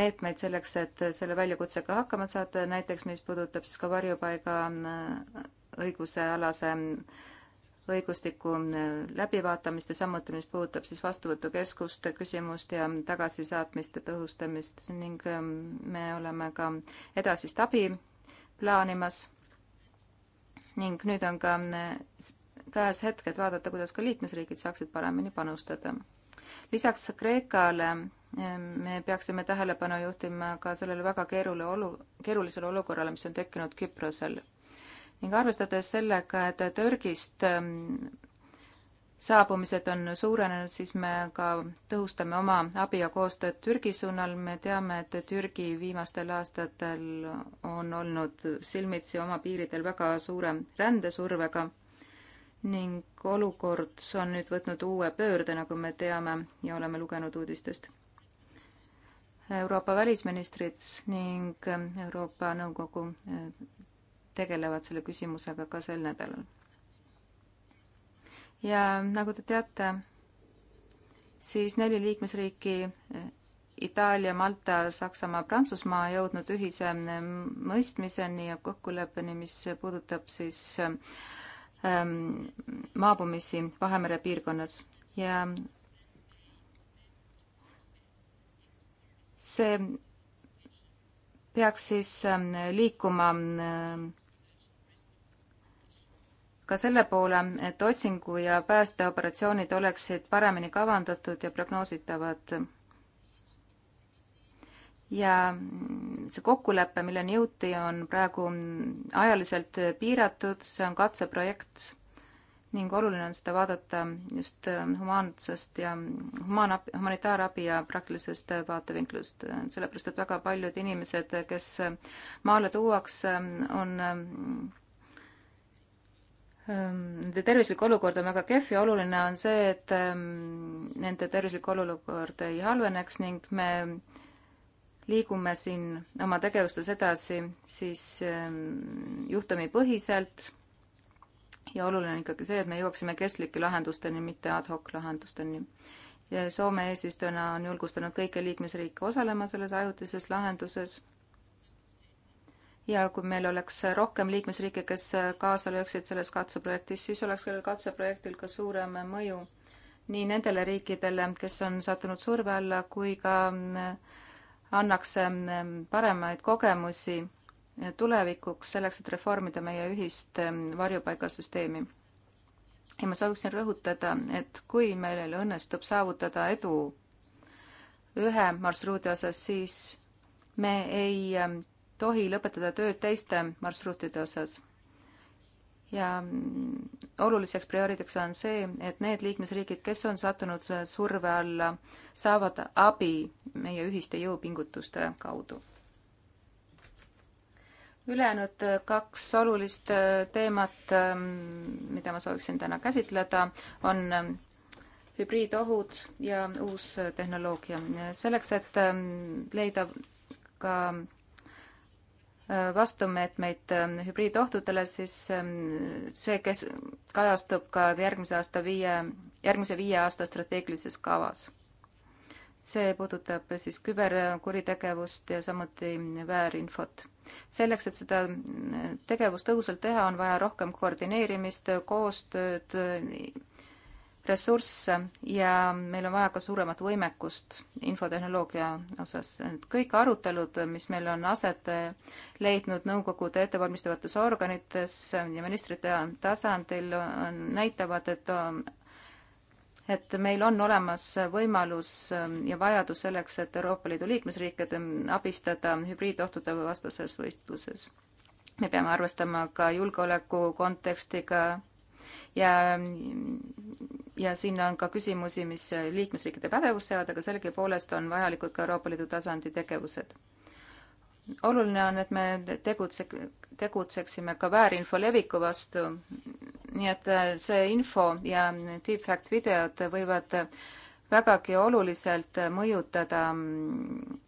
meetmeid selleks, et selle väljakutsega hakkama saada, näiteks mis puudutab siis ka varjupaiga äh, õigusealase äh, õigustiku läbivaatamist ja samuti, mis puudutab siis vastuvõtukeskuste küsimust ja tagasisaatmist ja tõhustamist ning ähm, me oleme ka edasist abi plaanimas ning nüüd on ka mm, käes hetk, et vaadata, kuidas ka liikmesriigid saaksid paremini panustada. lisaks Kreekale mm, me peaksime tähelepanu juhtima ka sellele väga keerule olu, keerulisele olukorrale, mis on tekkinud Küprosel. ning arvestades sellega, et Türgist mm, saabumised on suurenenud, siis me ka tõhustame oma abi ja koostööd Türgi suunal. me teame, et Türgi viimastel aastatel on olnud silmitsi oma piiridel väga suure rändesurvega ning olukord on nüüd võtnud uue pöörde, nagu me teame ja oleme lugenud uudistest. Euroopa välisministrid ning Euroopa Nõukogu eh, tegelevad selle küsimusega ka sel nädalal ja nagu te teate, siis neli liikmesriiki Itaalia, Malta, Saksamaa, Prantsusmaa jõudnud ühise mm, mõistmiseni ja kokkuleppeni, mis puudutab siis ähm, maabumisi Vahemere piirkonnas ja see peaks siis ähm, liikuma ähm, ka selle poole, et otsingu- ja päästeoperatsioonid oleksid paremini kavandatud ja prognoositavad. ja see kokkulepe, milleni jõuti, on praegu ajaliselt piiratud, see on katseprojekt ning oluline on seda vaadata just humaansest ja humaanabi, humanitaarabi ja praktilisest vaatevinklust, sellepärast et väga paljud inimesed, kes maale tuuakse, on Ehm, nende tervislik olukord on väga kehv ja oluline on see, et ehm, nende tervislik olukord ei halveneks ning me liigume siin oma tegevustes edasi siis ehm, juhtumipõhiselt ja oluline on ikkagi see, et me jõuaksime kestlike lahendusteni, mitte ad hoc lahendusteni. ja Soome eesistujana on julgustanud kõiki liikmesriike osalema selles ajutises lahenduses ja kui meil oleks rohkem liikmesriike, kes kaasa lööksid selles katseprojektis, siis oleks sellel katseprojektil ka suurem mõju nii nendele riikidele, kes on sattunud surve alla, kui ka mm, annaks mm, paremaid kogemusi tulevikuks selleks, et reformida meie ühist mm, varjupaigasüsteemi. ja ma sooviksin rõhutada, et kui meil õnnestub saavutada edu ühe marsruudi osas, siis me ei tohi lõpetada tööd teiste marsruutide osas. ja oluliseks prioriidiks on see, et need liikmesriigid, kes on sattunud surve alla, saavad abi meie ühiste jõupingutuste kaudu. ülejäänud kaks olulist teemat, mida ma sooviksin täna käsitleda, on hübriidohud ja uus tehnoloogia. selleks, et leida ka vastumeetmeid ähm, hübriidohtudele, siis ähm, see, kes kajastub ka järgmise aasta viie, järgmise viie aasta strateegilises kavas. see puudutab siis küberkuritegevust ja samuti väärinfot. selleks, et seda äh, tegevust tõhusalt teha, on vaja rohkem koordineerimist, koostööd ressursse ja meil on vaja ka suuremat võimekust infotehnoloogia osas. et kõik arutelud, mis meil on aset leidnud nõukogude ettevalmistavates organites ja ministrite tasandil, näitavad, et et meil on olemas võimalus ja vajadus selleks, et Euroopa Liidu liikmesriike abistada hübriidohtude vastases võistluses. me peame arvestama ka julgeoleku kontekstiga ja, mm, ja siin on ka küsimusi, mis liikmesriikide pädevusse jäävad, aga sellegipoolest on vajalikud ka Euroopa Liidu tasandi tegevused. oluline on, et me tegutse, tegutseksime ka väärinfo leviku vastu, nii et äh, see info ja deep fact videod võivad vägagi oluliselt mõjutada mm,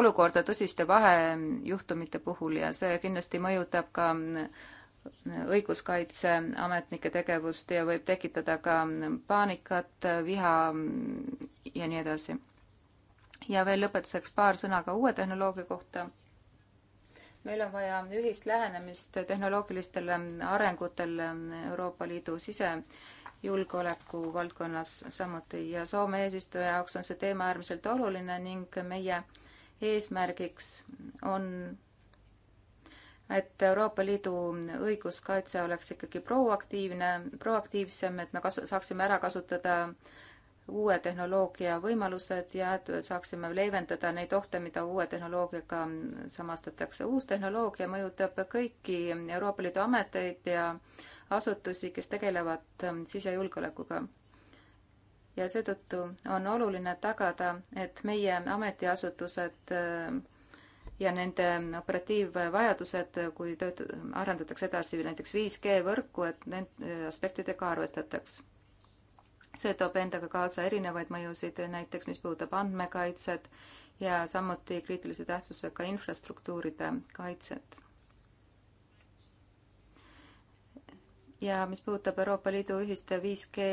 olukorda tõsiste vahejuhtumite puhul ja see kindlasti mõjutab ka mm, õiguskaitseametnike tegevust ja võib tekitada ka paanikat, viha ja nii edasi. ja veel lõpetuseks paar sõna ka uue tehnoloogia kohta. meil on vaja ühist lähenemist tehnoloogilistele arengutele Euroopa Liidu sisejulgeoleku valdkonnas samuti ja Soome eesistuja jaoks on see teema äärmiselt oluline ning meie eesmärgiks on et Euroopa Liidu õiguskaitse oleks ikkagi proaktiivne, proaktiivsem, et me kas-, saaksime ära kasutada uue tehnoloogia võimalused ja et saaksime leevendada neid ohte, mida uue tehnoloogiaga samastatakse. uus tehnoloogia mõjutab kõiki Euroopa Liidu ameteid ja asutusi, kes tegelevad sisejulgeolekuga. ja seetõttu on oluline tagada, et meie ametiasutused ja nende operatiivvajadused, kui tööt-, arendatakse edasi näiteks 5G võrku, et nende aspektidega arvestataks. see toob endaga kaasa erinevaid mõjusid, näiteks mis puudutab andmekaitset ja samuti kriitilise tähtsusega infrastruktuuride kaitset. ja mis puudutab Euroopa Liidu ühiste 5G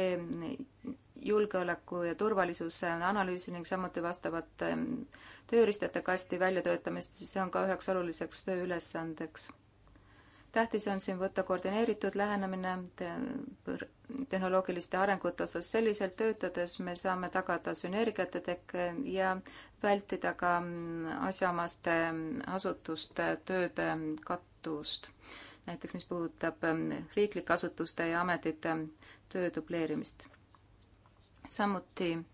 julgeoleku ja turvalisuse analüüsi ning samuti vastavate tööriistade kasti väljatöötamist, siis see on ka üheks oluliseks tööülesandeks. tähtis on siin võtta koordineeritud lähenemine te tehnoloogiliste arengute osas, selliselt töötades me saame tagada sünergiate tekke ja vältida ka asjaomaste asutuste tööde kattust. näiteks mis puudutab riiklike asutuste ja ametite töö dubleerimist samuti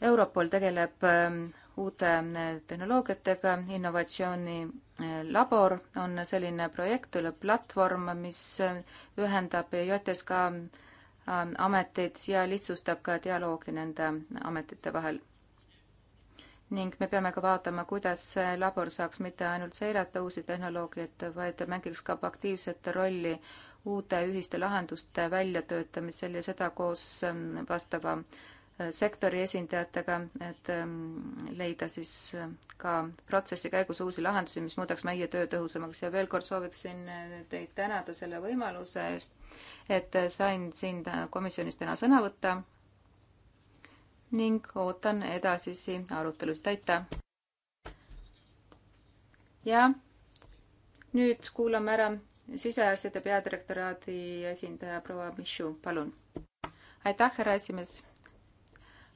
Europol tegeleb ähm, uute äh, tehnoloogiatega, innovatsioonilabor äh, on selline projekt, platvorm, mis äh, ühendab JTSK ähm, ameteid ja lihtsustab ka dialoogi nende ametite vahel. ning me peame ka vaatama, kuidas see labor saaks mitte ainult seirata uusi tehnoloogiaid, vaid mängiks ka aktiivset rolli uute ühiste lahenduste väljatöötamisel ja seda koos ähm, vastava äh, sektori esindajatega, et ähm, leida siis äh, ka protsessi käigus uusi lahendusi, mis muudaks meie töö tõhusamaks ja veel kord sooviksin äh, teid tänada selle võimaluse eest, et sain siin komisjonis täna sõna võtta ning ootan edasisi arutelusid, aitäh! ja nüüd kuulame ära siseasjade peadirektoraadi esindaja proua Michu, palun. aitäh, härra esimees.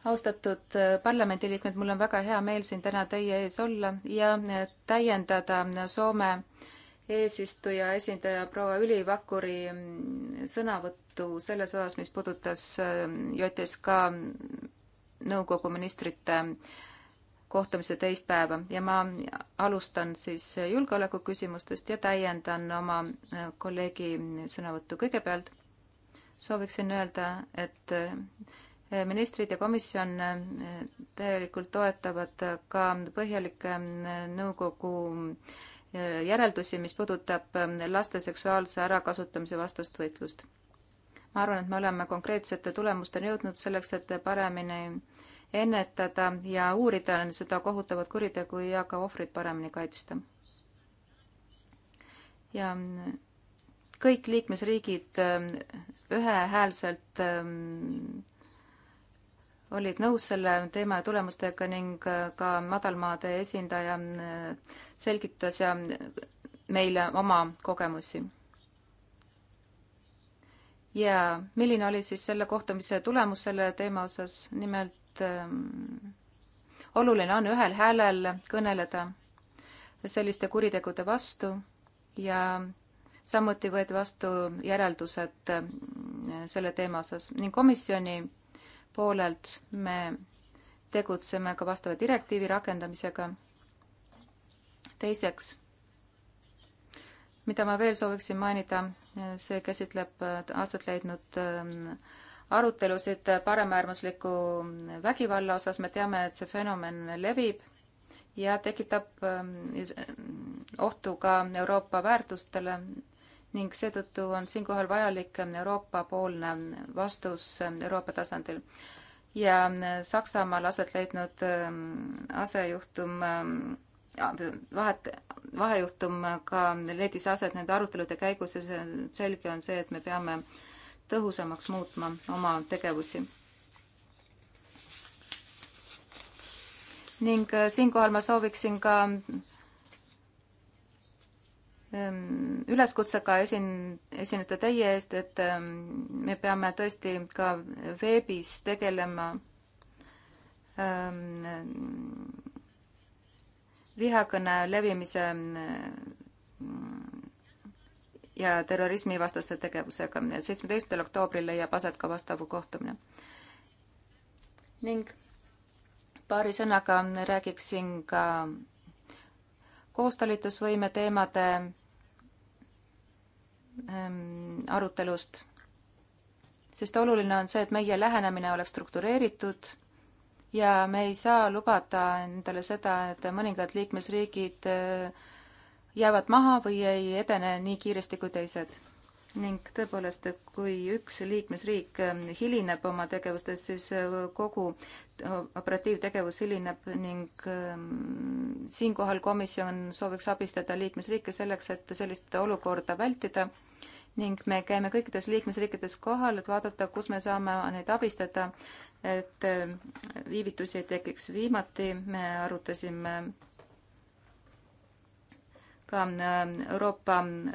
austatud äh, parlamendiliikmed, mul on väga hea meel siin täna teie ees olla ja äh, täiendada Soome eesistuja esindaja proua Üli Vakuri mm, sõnavõttu selles osas, mis puudutas äh, JSK nõukogu ministrite äh, kohtumise teist päeva ja ma alustan siis julgeolekuküsimustest ja täiendan oma äh, kolleegi sõnavõttu. kõigepealt sooviksin öelda, et äh, ministrid ja komisjon äh, täielikult toetavad ka põhjalikke nõukogu järeldusi, mis puudutab laste seksuaalse ärakasutamise vastast võitlust. ma arvan, et me oleme konkreetsete tulemusteni jõudnud selleks, et paremini ennetada ja uurida seda kohutavat kuritegu ja ka ohvrit paremini kaitsta. ja kõik liikmesriigid ähm, ühehäälselt ähm, olid nõus selle teema ja tulemustega ning äh, ka madalmaade esindaja äh, selgitas ja meile oma kogemusi. ja milline oli siis selle kohtumise tulemus selle teema osas, nimelt et ähm, oluline on ühel häälel kõneleda selliste kuritegude vastu ja samuti võeti vastu järeldused äh, selle teema osas ning komisjoni poolelt me tegutseme ka vastava direktiivi rakendamisega. teiseks, mida ma veel sooviksin mainida, äh, see käsitleb äh, aset leidnud ähm, arutelusid paremäärmusliku vägivalla osas, me teame, et see fenomen levib ja tekitab ähm, ohtu ka Euroopa väärtustele ning seetõttu on siinkohal vajalik Euroopa-poolne vastus Euroopa tasandil. ja äh, Saksamaal aset leidnud ähm, asejuhtum, ähm, vahet, vahejuhtum ka leidis aset nende arutelude käigus ja see, selge on see, et me peame äh, tõhusamaks muutma oma tegevusi. ning äh, siinkohal ma sooviksin ka ähm, üleskutsega esin-, esineda teie eest, et ähm, me peame tõesti ka veebis tegelema ähm, vihakõne levimise äh, ja terrorismivastase tegevusega. seitsmeteistkümnendal oktoobril leiab aset ka vastav kohtumine. ning paari sõnaga räägiksin ka koostalitusvõime teemade ähm, arutelust, sest oluline on see, et meie lähenemine oleks struktureeritud ja me ei saa lubada endale seda, et mõningad liikmesriigid äh, jäävad maha või ei edene nii kiiresti kui teised. ning tõepoolest, kui üks liikmesriik ähm, hilineb oma tegevustes, siis äh, kogu äh, operatiivtegevus hilineb ning ähm, siinkohal komisjon sooviks abistada liikmesriike selleks, et sellist olukorda vältida ning me käime kõikides liikmesriikides kohal, et vaadata, kus me saame neid abistada, et äh, viivitusi ei tekiks. viimati me arutasime ka ähm, Euroopa ähm,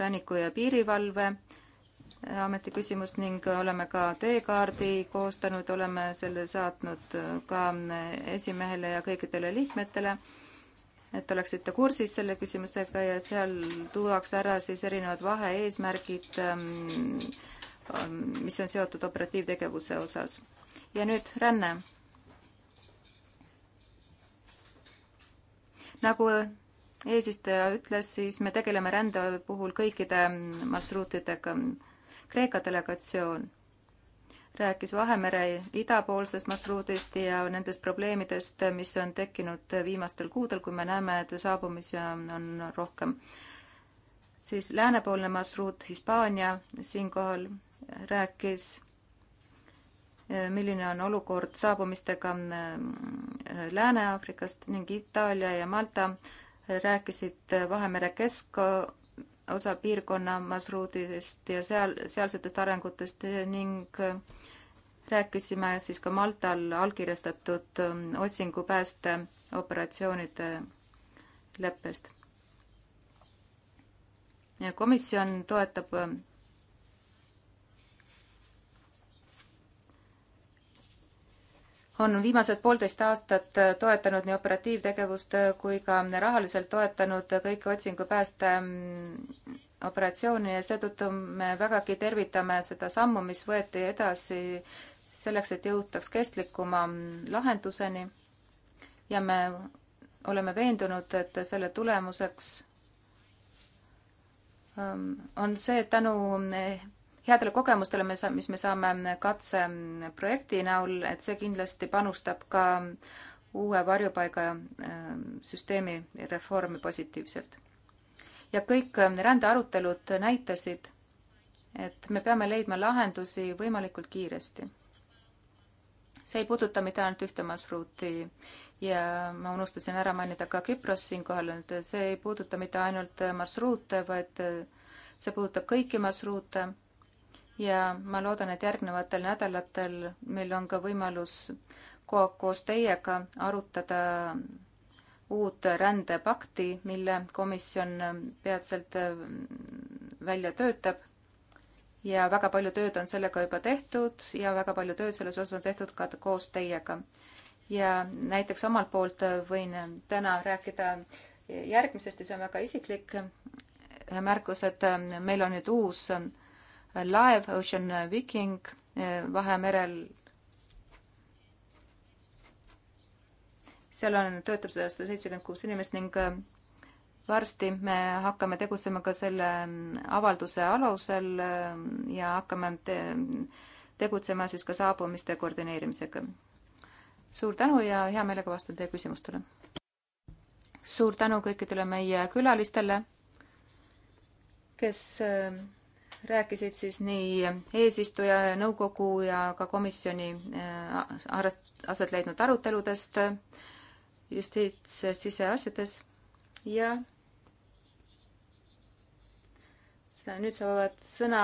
ranniku- ja piirivalve äh, ameti küsimust ning oleme ka teekaardi koostanud, oleme selle saatnud äh, ka äh, esimehele ja kõikidele liikmetele, et oleksite kursis selle küsimusega ja seal tuuakse ära siis erinevad vahe-eesmärgid, ähm, mis on seotud operatiivtegevuse osas. ja nüüd ränne. nagu eesistuja ütles, siis me tegeleme rände puhul kõikide marsruutidega. Kreeka delegatsioon rääkis Vahemere idapoolsest marsruudist ja nendest probleemidest, mis on tekkinud viimastel kuudel, kui me näeme, et saabumisi on rohkem. siis läänepoolne marsruut Hispaania siinkohal rääkis, milline on olukord saabumistega mm, Lääne-Aafrikast ning Itaalia ja Malta rääkisid Vahemere keskosa piirkonna marsruudidest ja seal, sealsetest arengutest ning rääkisime siis ka Maltal allkirjastatud ähm, otsingupääste operatsioonide leppest. komisjon toetab ähm, on viimased poolteist aastat toetanud nii operatiivtegevust kui ka rahaliselt toetanud kõiki otsingupääste mm, operatsiooni ja seetõttu me vägagi tervitame seda sammu, mis võeti edasi selleks, et jõutaks kestlikuma mm, lahenduseni. ja me oleme veendunud, et selle tulemuseks mm, on see, et tänu headele kogemustele, mis me saame katseprojekti näol, et see kindlasti panustab ka uue varjupaigasüsteemi ähm, reformi positiivselt. ja kõik ähm, rändearutelud näitasid, et me peame leidma lahendusi võimalikult kiiresti. see ei puuduta mitte ainult ühte marsruuti ja ma unustasin ära mainida ka Küpros siinkohal, et see ei puuduta mitte ainult marsruute, vaid äh, see puudutab kõiki marsruute ja ma loodan, et järgnevatel nädalatel meil on ka võimalus ko koos teiega arutada uut rändepakti, mille komisjon peatselt mm, välja töötab. ja väga palju tööd on sellega juba tehtud ja väga palju tööd selles osas on tehtud ka koos teiega. ja näiteks omalt poolt võin täna rääkida järgmisest ja see on väga isiklik märkus, et meil on nüüd uus laev Ocean Viking eh, Vahemerel. seal on, töötab sada seitsekümmend kuus inimest ning eh, varsti me hakkame tegutsema ka selle mm, avalduse alusel eh, ja hakkame te tegutsema siis ka saabumiste koordineerimisega. suur tänu ja hea meelega vastan teie küsimustele. suur tänu kõikidele meie külalistele, kes rääkisid siis nii eesistuja ja nõukogu ja ka komisjoni äh, aset leidnud aruteludest äh, justiits siseasjades ja nüüd saavad sõna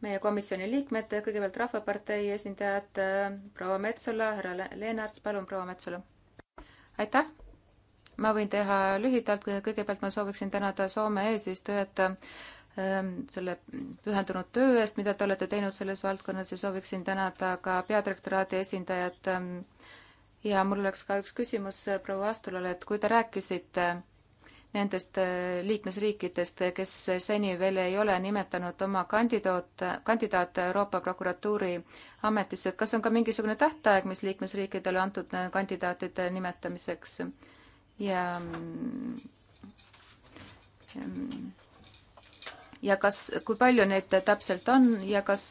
meie komisjoni liikmed, kõigepealt Rahvapartei esindajad äh, proua Metsola, härra Leenarts, palun proua Metsola. aitäh, ma võin teha lühidalt, kõigepealt ma sooviksin tänada Soome eesistujat Ähm, selle pühendunud töö eest, mida te olete teinud selles valdkonnas ja sooviksin tänada ka peadirektoraadi esindajat. Ähm, ja mul oleks ka üks küsimus äh, proua Astulale, et kui te rääkisite nendest äh, liikmesriikidest, kes seni veel ei ole nimetanud oma kandidaat, kandidaate Euroopa prokuratuuri ametisse, et kas on ka mingisugune tähtaeg, mis liikmesriikidele antud äh, kandidaatide nimetamiseks ja, mm, ja mm, ja kas, kui palju neid täpselt on ja kas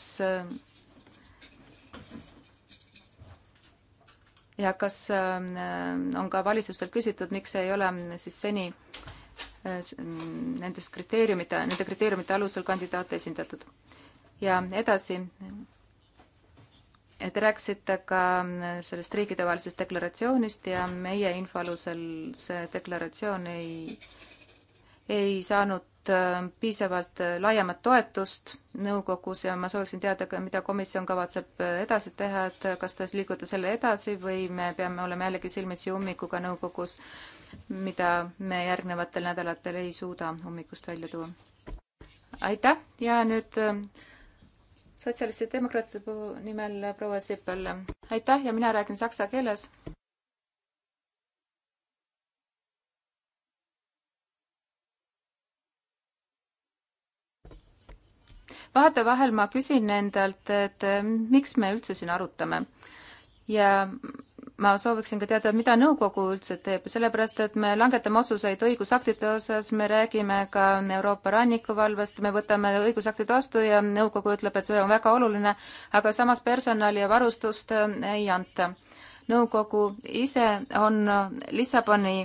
ja kas äh, on ka valitsustelt küsitud, miks ei ole siis seni äh, nendest kriteeriumite, nende kriteeriumite alusel kandidaate esindatud. ja edasi, te rääkisite ka äh, sellest riikidevahelisest deklaratsioonist ja meie info alusel see deklaratsioon ei, ei saanud Äh, piisavalt äh, laiemat toetust nõukogus ja ma sooviksin teada ka, mida komisjon kavatseb äh, edasi teha, et kas te liigute selle edasi või me peame olema jällegi silmitsi ummikuga nõukogus, mida me järgnevatel nädalatel ei suuda ummikust välja tuua. aitäh ja nüüd sotsialistide demokraatide nimel proua Sippel. aitäh ja mina räägin saksa keeles. vahetevahel ma küsin endalt, et eh, miks me üldse siin arutame. ja ma sooviksin ka teada, mida nõukogu üldse teeb, sellepärast et me langetame otsuseid õigusaktide osas, me räägime ka Euroopa rannikuvalvest, me võtame õigusaktid vastu ja nõukogu ütleb, et see on väga oluline, aga samas personali ja varustust eh, ei anta. nõukogu ise on Lissaboni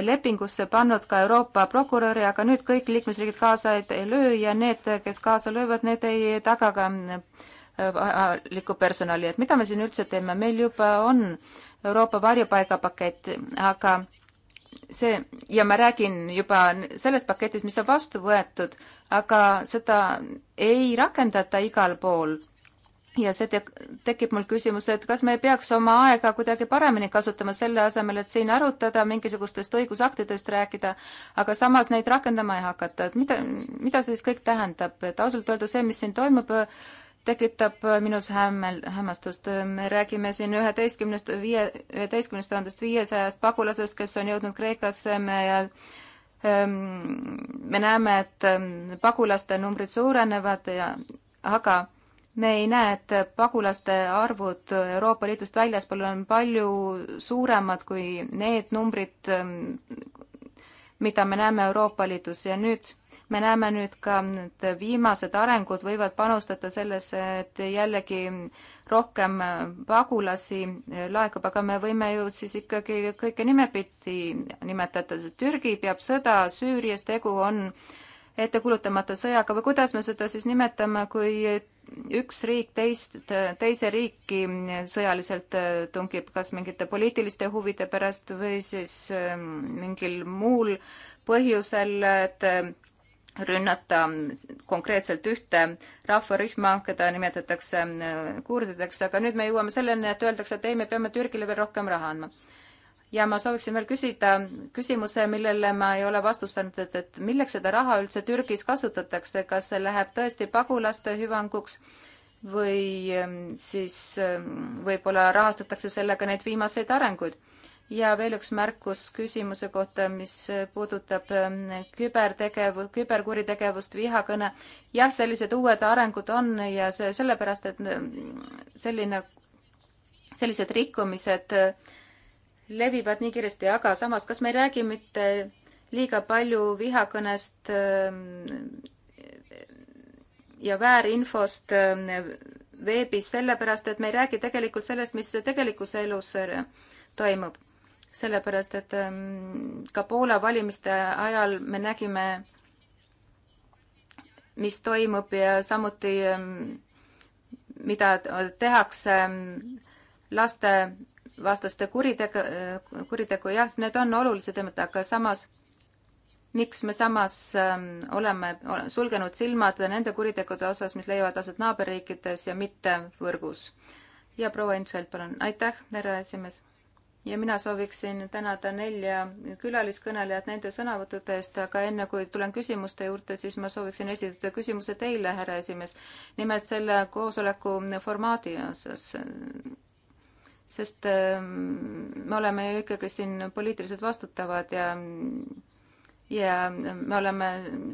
lepingusse pannud ka Euroopa prokuröri, aga nüüd kõik liikmesriigid kaasa ei löö ja need, kes kaasa löövad, need ei taga ka äh, vajalikku personali, et mida me siin üldse teeme, meil juba on Euroopa varjupaigapakett, aga see, ja ma räägin juba selles paketis, mis on vastu võetud, aga seda ei rakendata igal pool ja see te tekib mul küsimus, et kas me ei peaks oma aega kuidagi paremini kasutama selle asemel, et siin arutada, mingisugustest õigusaktidest rääkida, aga samas neid rakendama ei hakata, et mida, mida see siis kõik tähendab, et ausalt öelda see, mis siin toimub, tekitab minus hämmel, hämmastust. me räägime siin üheteistkümnest, viie, üheteistkümnest tuhandest viiesajast pagulasest, kes on jõudnud Kreekasse ja ähm, me näeme, et ähm, pagulaste numbrid suurenevad ja aga me ei näe, et pagulaste arvud Euroopa Liidust väljaspool on palju suuremad kui need numbrid, ähm, mida me näeme Euroopa Liidus ja nüüd me näeme nüüd ka, et viimased arengud võivad panustada sellesse, et jällegi rohkem äh, pagulasi laekub, aga me võime ju siis ikkagi kõike nimepidi nimetada, Türgi peab sõda, Süürias tegu on ettekulutamata sõjaga või kuidas me seda siis nimetame, kui üks riik teist, teise riiki sõjaliselt äh, tungib, kas mingite poliitiliste huvide pärast või siis ähm, mingil muul põhjusel, et äh, rünnata konkreetselt ühte rahvarühma, keda nimetatakse äh, kurdideks, aga nüüd me jõuame selleni, et öeldakse, et ei, me peame Türgile veel rohkem raha andma ja ma sooviksin veel küsida küsimuse, millele ma ei ole vastust saanud, et, et milleks seda raha üldse Türgis kasutatakse, kas see läheb tõesti pagulaste hüvanguks või ähm, siis ähm, võib-olla rahastatakse sellega neid viimaseid arenguid? ja veel üks märkus küsimuse kohta, mis puudutab ähm, kübertegevu-, küberkuritegevust, vihakõne. jah, sellised uued arengud on ja see sellepärast, et mm, selline, sellised rikkumised äh, levivad nii kiiresti, aga samas, kas me ei räägi mitte liiga palju vihakõnest ähm, ja väärinfost ähm, veebis, sellepärast et me ei räägi tegelikult sellest, mis tegelikus elus äh, toimub. sellepärast, et ähm, ka Poola valimiste ajal me nägime, mis toimub ja samuti mida tehakse laste vastaste kuritegu, kuritegu, jah, need on olulised, aga samas miks me samas ähm, oleme sulgenud silmad nende kuritegude osas, mis leiavad aset naaberriikides ja mitte võrgus. ja proua Infeld, palun. aitäh, härra esimees. ja mina sooviksin tänada nelja külaliskõnelejat nende sõnavõttude eest, aga enne kui tulen küsimuste juurde, siis ma sooviksin esitada küsimuse teile, härra esimees. nimelt selle koosoleku formaadi osas sest ähm, me oleme ju ikkagi siin poliitiliselt vastutavad ja ja me oleme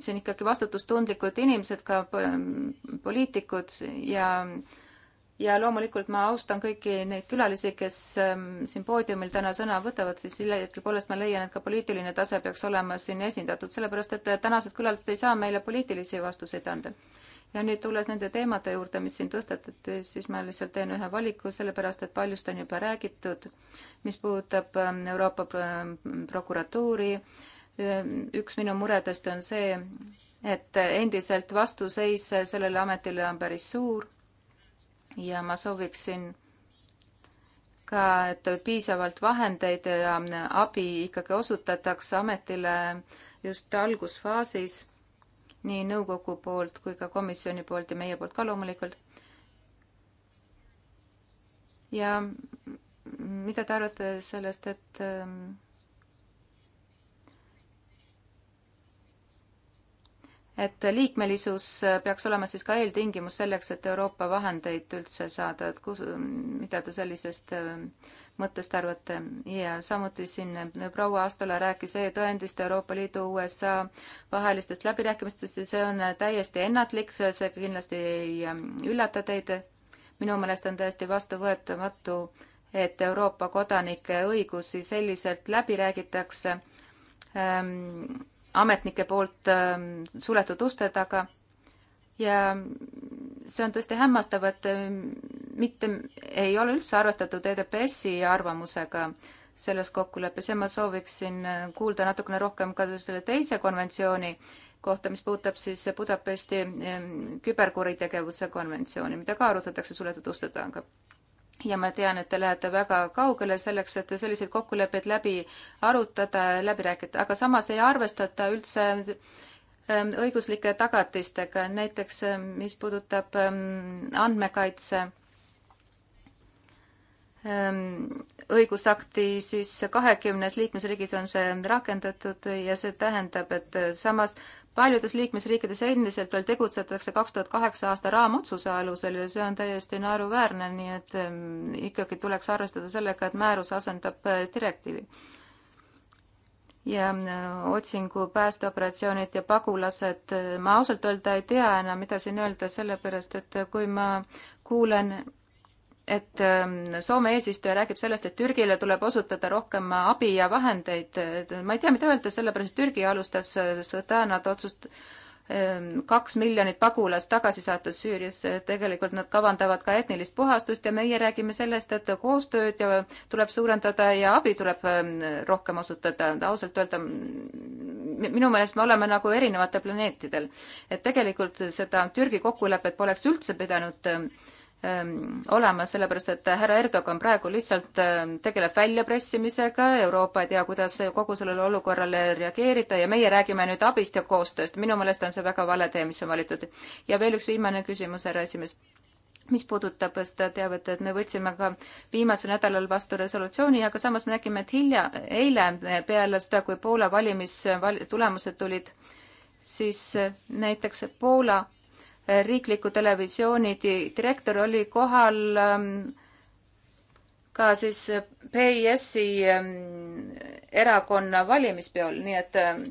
siin ikkagi vastutustundlikud inimesed, ka ähm, poliitikud ja ja loomulikult ma austan kõiki neid külalisi, kes ähm, siin poodiumil täna sõna võtavad, siis hetkepoolest ma leian, et ka poliitiline tase peaks olema siin esindatud, sellepärast et tänased külalised ei saa meile poliitilisi vastuseid anda ja nüüd tulles nende teemade juurde, mis siin tõstatati, siis ma lihtsalt teen ühe valiku, sellepärast et paljust on juba räägitud, mis puudutab ähm, Euroopa prokuratuuri. Ähm, üks minu muredest on see, et endiselt vastuseis sellele ametile on päris suur ja ma sooviksin ka, et piisavalt vahendeid ja ähm, abi ikkagi osutatakse ametile just algusfaasis nii nõukogu poolt kui ka komisjoni poolt ja meie poolt ka loomulikult. ja mida te arvate sellest, et ähm, et liikmelisus peaks olema siis ka eeltingimus selleks, et Euroopa vahendeid üldse saada, et kus, mida te sellisest äh, mõttest arvate? ja samuti siin proua Astola rääkis e-tõendist Euroopa Liidu USA vahelistest läbirääkimistest ja see on täiesti ennatlik, see kindlasti ei üllata teid. minu meelest on täiesti vastuvõetamatu, et Euroopa kodanike õigusi selliselt läbi räägitakse ähm, ametnike poolt ähm, suletud uste taga ja see on tõesti hämmastav, et mitte, ei ole üldse arvestatud EDPS-i arvamusega selles kokkuleppes ja ma sooviksin kuulda natukene rohkem ka selle teise konventsiooni kohta, mis puudutab siis Budapesti ehm, küberkuritegevuse konventsiooni, mida ka arutatakse suletud uste taga. ja ma tean, et te lähete väga kaugele selleks, et selliseid kokkuleppeid läbi arutada, läbi rääkida, aga samas ei arvestata üldse ehm, õiguslike tagatistega, näiteks ehm, mis puudutab andmekaitse Ehm, õigusakti, siis kahekümnes liikmesriigis on see rakendatud ja see tähendab, et äh, samas paljudes liikmesriikides endiselt veel tegutsetakse kaks tuhat kaheksa aasta raamotsuse alusel ja see on täiesti naeruväärne, nii et ehm, ikkagi tuleks arvestada sellega, et määrus asendab äh, direktiivi. ja äh, otsingu, päästeoperatsioonid ja pagulased, ma ausalt öelda ei tea enam, mida siin öelda, sellepärast et kui ma kuulen et ähm, Soome eesistuja räägib sellest, et Türgile tuleb osutada rohkem abi ja vahendeid. ma ei tea, mida öelda, sellepärast Türgi alustas äh, sõda, nad otsust-, ähm, kaks miljonit pagulast tagasi saata Süüriasse, tegelikult nad kavandavad ka etnilist puhastust ja meie räägime sellest, et koostööd ja tuleb suurendada ja abi tuleb ähm, rohkem osutada. ausalt öelda, minu meelest me oleme nagu erinevatel planeetidel. et tegelikult seda Türgi kokkulepet poleks üldse pidanud Ähm, olema, sellepärast et härra Erdogan praegu lihtsalt ähm, tegeleb väljapressimisega, Euroopa ei tea, kuidas kogu sellele olukorrale reageerida ja meie räägime nüüd abist ja koostööst. minu meelest on see väga vale tee, mis on valitud. ja veel üks viimane küsimus, härra esimees mis puudutab seda teavet, et me võtsime ka viimasel nädalal vastu resolutsiooni, aga samas me nägime, et hilja, eile peale seda, kui Poola valimistulemused tulid, siis näiteks Poola riikliku televisiooni direktor oli kohal ähm, ka siis äh, PIS-i ähm, erakonna valimispeol, nii et, ähm,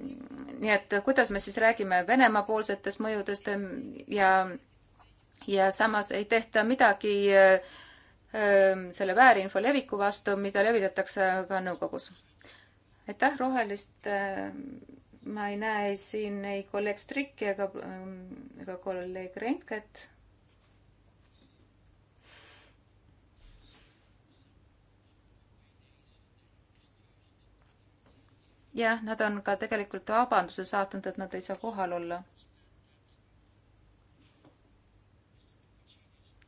nii et kuidas me siis räägime Venemaa-poolsetest mõjudest ja, ja samas ei tehta midagi äh, selle väärinfo leviku vastu, mida levitatakse ka nõukogus. aitäh, Rohelist äh, ma ei näe siin ei kolleeg Strikki ega ja ka kolleeg Rentget. jah, nad on ka tegelikult vabanduse saatnud, et nad ei saa kohal olla.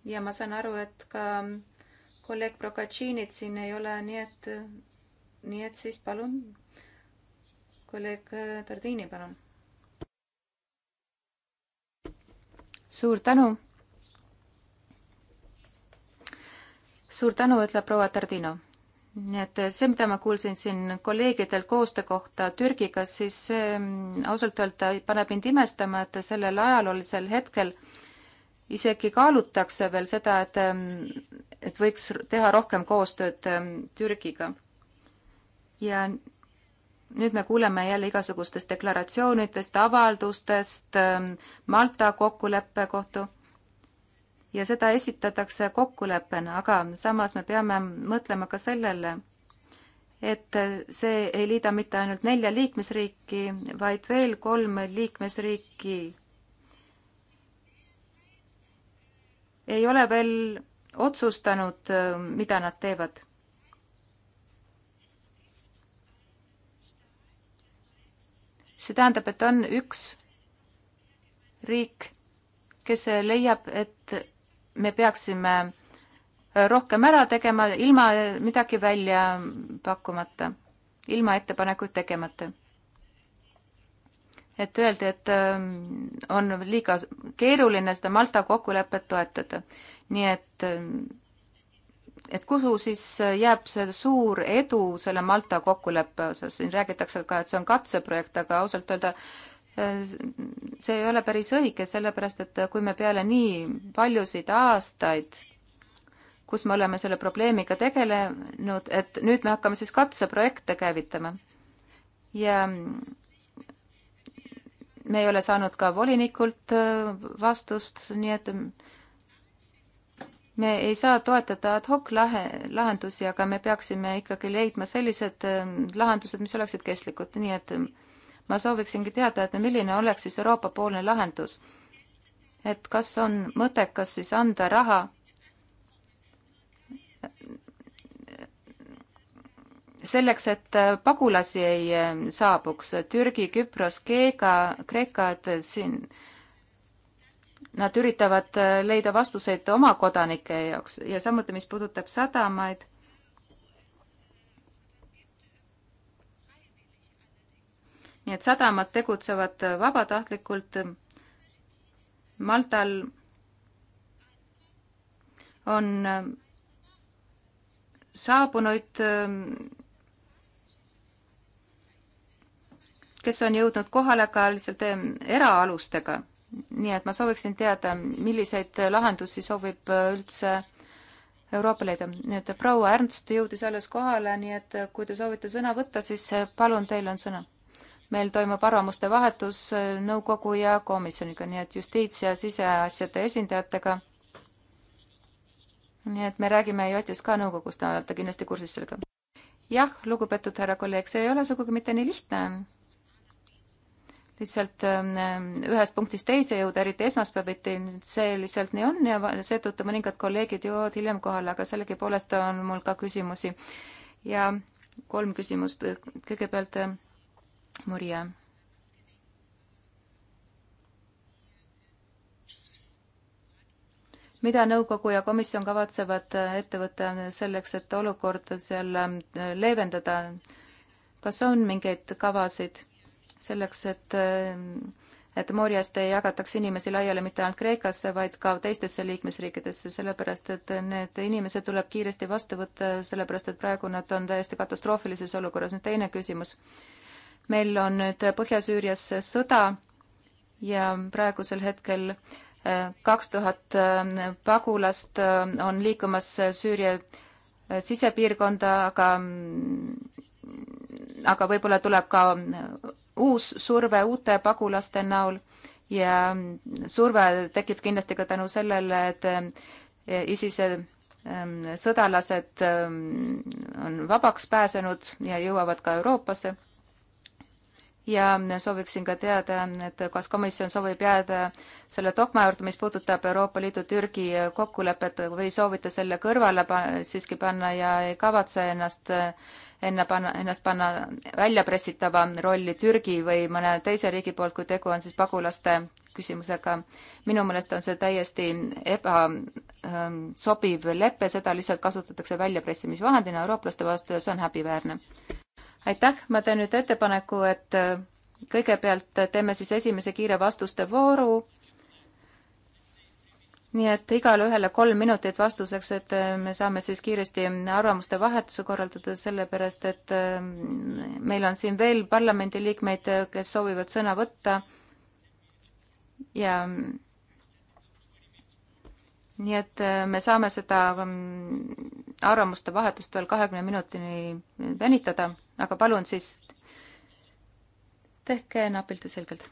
ja ma saan aru, et ka kolleeg Prokatšiinit siin ei ole, nii et, nii et siis palun, kolleeg Tardini, palun suur tänu. suur tänu, ütleb proua Tardino. nii et see, mida ma kuulsin siin kolleegidel koostöö kohta Türgiga, siis see mm, ausalt öelda paneb mind imestama, et sellel ajaloolisel hetkel isegi kaalutakse veel seda, et, mm, et võiks teha rohkem koostööd mm, Türgiga. ja nüüd me kuuleme jälle igasugustest deklaratsioonidest, avaldustest ähm, Malta kokkuleppe kohta ja seda esitatakse kokkuleppena, aga samas me peame mõtlema ka sellele, et see ei liida mitte ainult nelja liikmesriiki, vaid veel kolm liikmesriiki ei ole veel otsustanud, äh, mida nad teevad see tähendab, et on üks riik, kes leiab, et me peaksime äh, rohkem ära tegema ilma midagi välja pakkumata, ilma ettepanekuid tegemata. et öeldi, et äh, on liiga keeruline seda Malta kokkulepet toetada. nii et äh, et kuhu siis jääb see suur edu selle Malta kokkuleppe osas, siin räägitakse ka, et see on katseprojekt, aga ausalt öelda eh, see ei ole päris õige, sellepärast et kui me peale nii paljusid aastaid, kus me oleme selle probleemiga tegelenud, et nüüd me hakkame siis katseprojekte käivitama. ja me ei ole saanud ka volinikult eh, vastust, nii et me ei saa toetada ad hoc lahe, lahendusi, aga me peaksime ikkagi leidma sellised ähm, lahendused, mis oleksid kestlikud, nii et ähm, ma sooviksingi teada, et milline oleks siis Euroopa-poolne lahendus. et kas on mõttekas siis anda raha äh, selleks, et äh, pagulasi ei äh, saabuks, Türgi, Küpros, Kreeka, Kreeka, et siin äh, nad üritavad äh, leida vastuseid oma kodanike jaoks ja samuti, mis puudutab sadamaid, nii et sadamad tegutsevad äh, vabatahtlikult. Maltal on äh, saabunuid, kes on jõudnud kohale ka lihtsalt eraalustega nii et ma sooviksin teada, milliseid lahendusi soovib äh, üldse Euroopa Liidu. nüüd proua Ernst jõudis alles kohale, nii et äh, kui te soovite sõna võtta, siis äh, palun, teil on sõna. meil toimub arvamuste vahetus nõukogu ja komisjoniga, nii et justiits- ja siseasjade esindajatega. nii et me räägime JTSK nõukogust, te olete kindlasti kursis sellega. jah, lugupeetud härra kolleeg, see ei ole sugugi mitte nii lihtne lihtsalt ähm, ühest punktist teise jõuda, eriti esmaspäeviti, see lihtsalt nii on ja seetõttu mõningad kolleegid jõuavad hiljem kohale, aga sellegipoolest on mul ka küsimusi. ja kolm küsimust, kõigepealt äh, Maria. mida nõukogu ja komisjon kavatsevad äh, ette võtta selleks, et olukorda seal äh, leevendada? kas on mingeid kavasid? selleks, et eh, et Moriast ei jagataks inimesi laiali mitte ainult Kreekasse, vaid ka teistesse liikmesriikidesse, sellepärast et need inimesed tuleb kiiresti vastu võtta, sellepärast et praegu nad on täiesti katastroofilises olukorras. nüüd teine küsimus. meil on nüüd Põhja-Süürias sõda ja praegusel hetkel eh, kaks tuhat eh, pagulast on liikumas Süüria sisepiirkonda, aga mm, aga võib-olla tuleb ka uus surve uute pagulaste näol ja surve tekib kindlasti ka tänu sellele, et eh, ISISe ehm, sõdalased ehm, on vabaks pääsenud ja jõuavad ka Euroopasse. ja sooviksin ka teada, et kas komisjon soovib jääda selle dogma juurde, mis puudutab Euroopa Liidu Türgi kokkulepet või soovite selle kõrvale pa siiski panna ja ei kavatse ennast äh, enne panna, ennast panna väljapressitava rolli Türgi või mõne teise riigi poolt, kui tegu on siis pagulaste küsimusega. minu meelest on see täiesti ebasobiv ähm, lepe, seda lihtsalt kasutatakse väljapressimisvahendina eurooplaste vastu ja see on häbiväärne. aitäh, ma teen nüüd ettepaneku, et äh, kõigepealt teeme siis esimese kiire vastuste vooru nii et igale ühele kolm minutit vastuseks, et äh, me saame siis kiiresti arvamuste vahetuse korraldada, sellepärast et äh, meil on siin veel parlamendiliikmeid, äh, kes soovivad sõna võtta ja mm, nii et me saame seda ähm, arvamuste vahetust veel kahekümne minutini venitada, aga palun siis tehke napilt ja selgelt.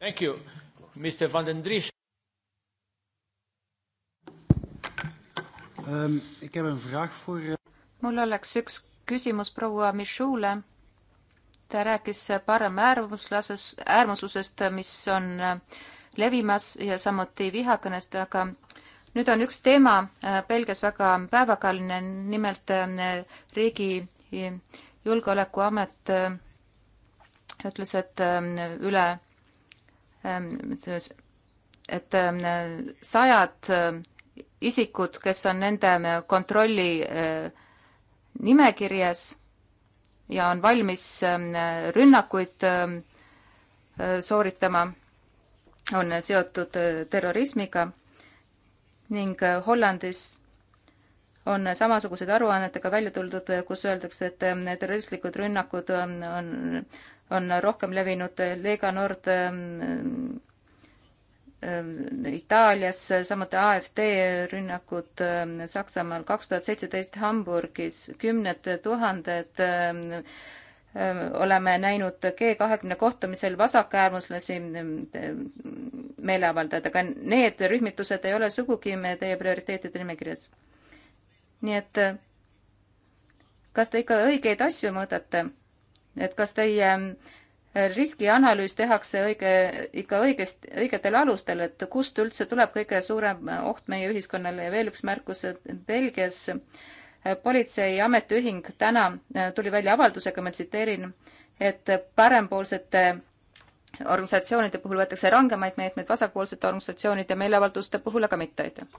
Thank you, Mr Van den Dries. Um, ik heb een vraag voor... Eh, mul oleks üks küsimus proua Michule. ta rääkis parem äärmuslasest, äärmuslusest, mis on eh, levimas ja samuti vihakõnest, aga nüüd on üks teema eh, Belgias väga päevakajaline, nimelt riigi julgeolekuamet ütles, et üle Ähm, et ähm, sajad ähm, isikud, kes on nende kontrolli äh, nimekirjas ja on valmis rünnakuid äh, sooritama, on seotud äh, terrorismiga ning Hollandis on samasuguseid aruannetega välja tuldud, kus öeldakse, et terroristlikud rünnakud on, on on rohkem levinud Lega Nord ähm, ähm, Itaalias, samuti AfD rünnakud ähm, Saksamaal, kaks tuhat seitseteist Hamburgis kümned tuhanded oleme näinud G kahekümne kohtumisel vasakäärmuslasi meeleavaldajad, aga need rühmitused ei ole sugugi meie teie prioriteetide nimekirjas. nii et äh, kas te ikka õigeid asju mõõdate? et kas teie eh, riskianalüüs tehakse õige, ikka õigest, õigetel alustel, et kust üldse tuleb kõige suurem eh, oht meie ühiskonnale ja veel üks märkus, et Belgias eh, politsei ametiühing täna tuli välja avaldusega, ma tsiteerin, et parempoolsete organisatsioonide puhul võetakse rangemaid meetmeid, vasakpoolsete organisatsioonide meeleavalduste puhul aga mitte, aitäh.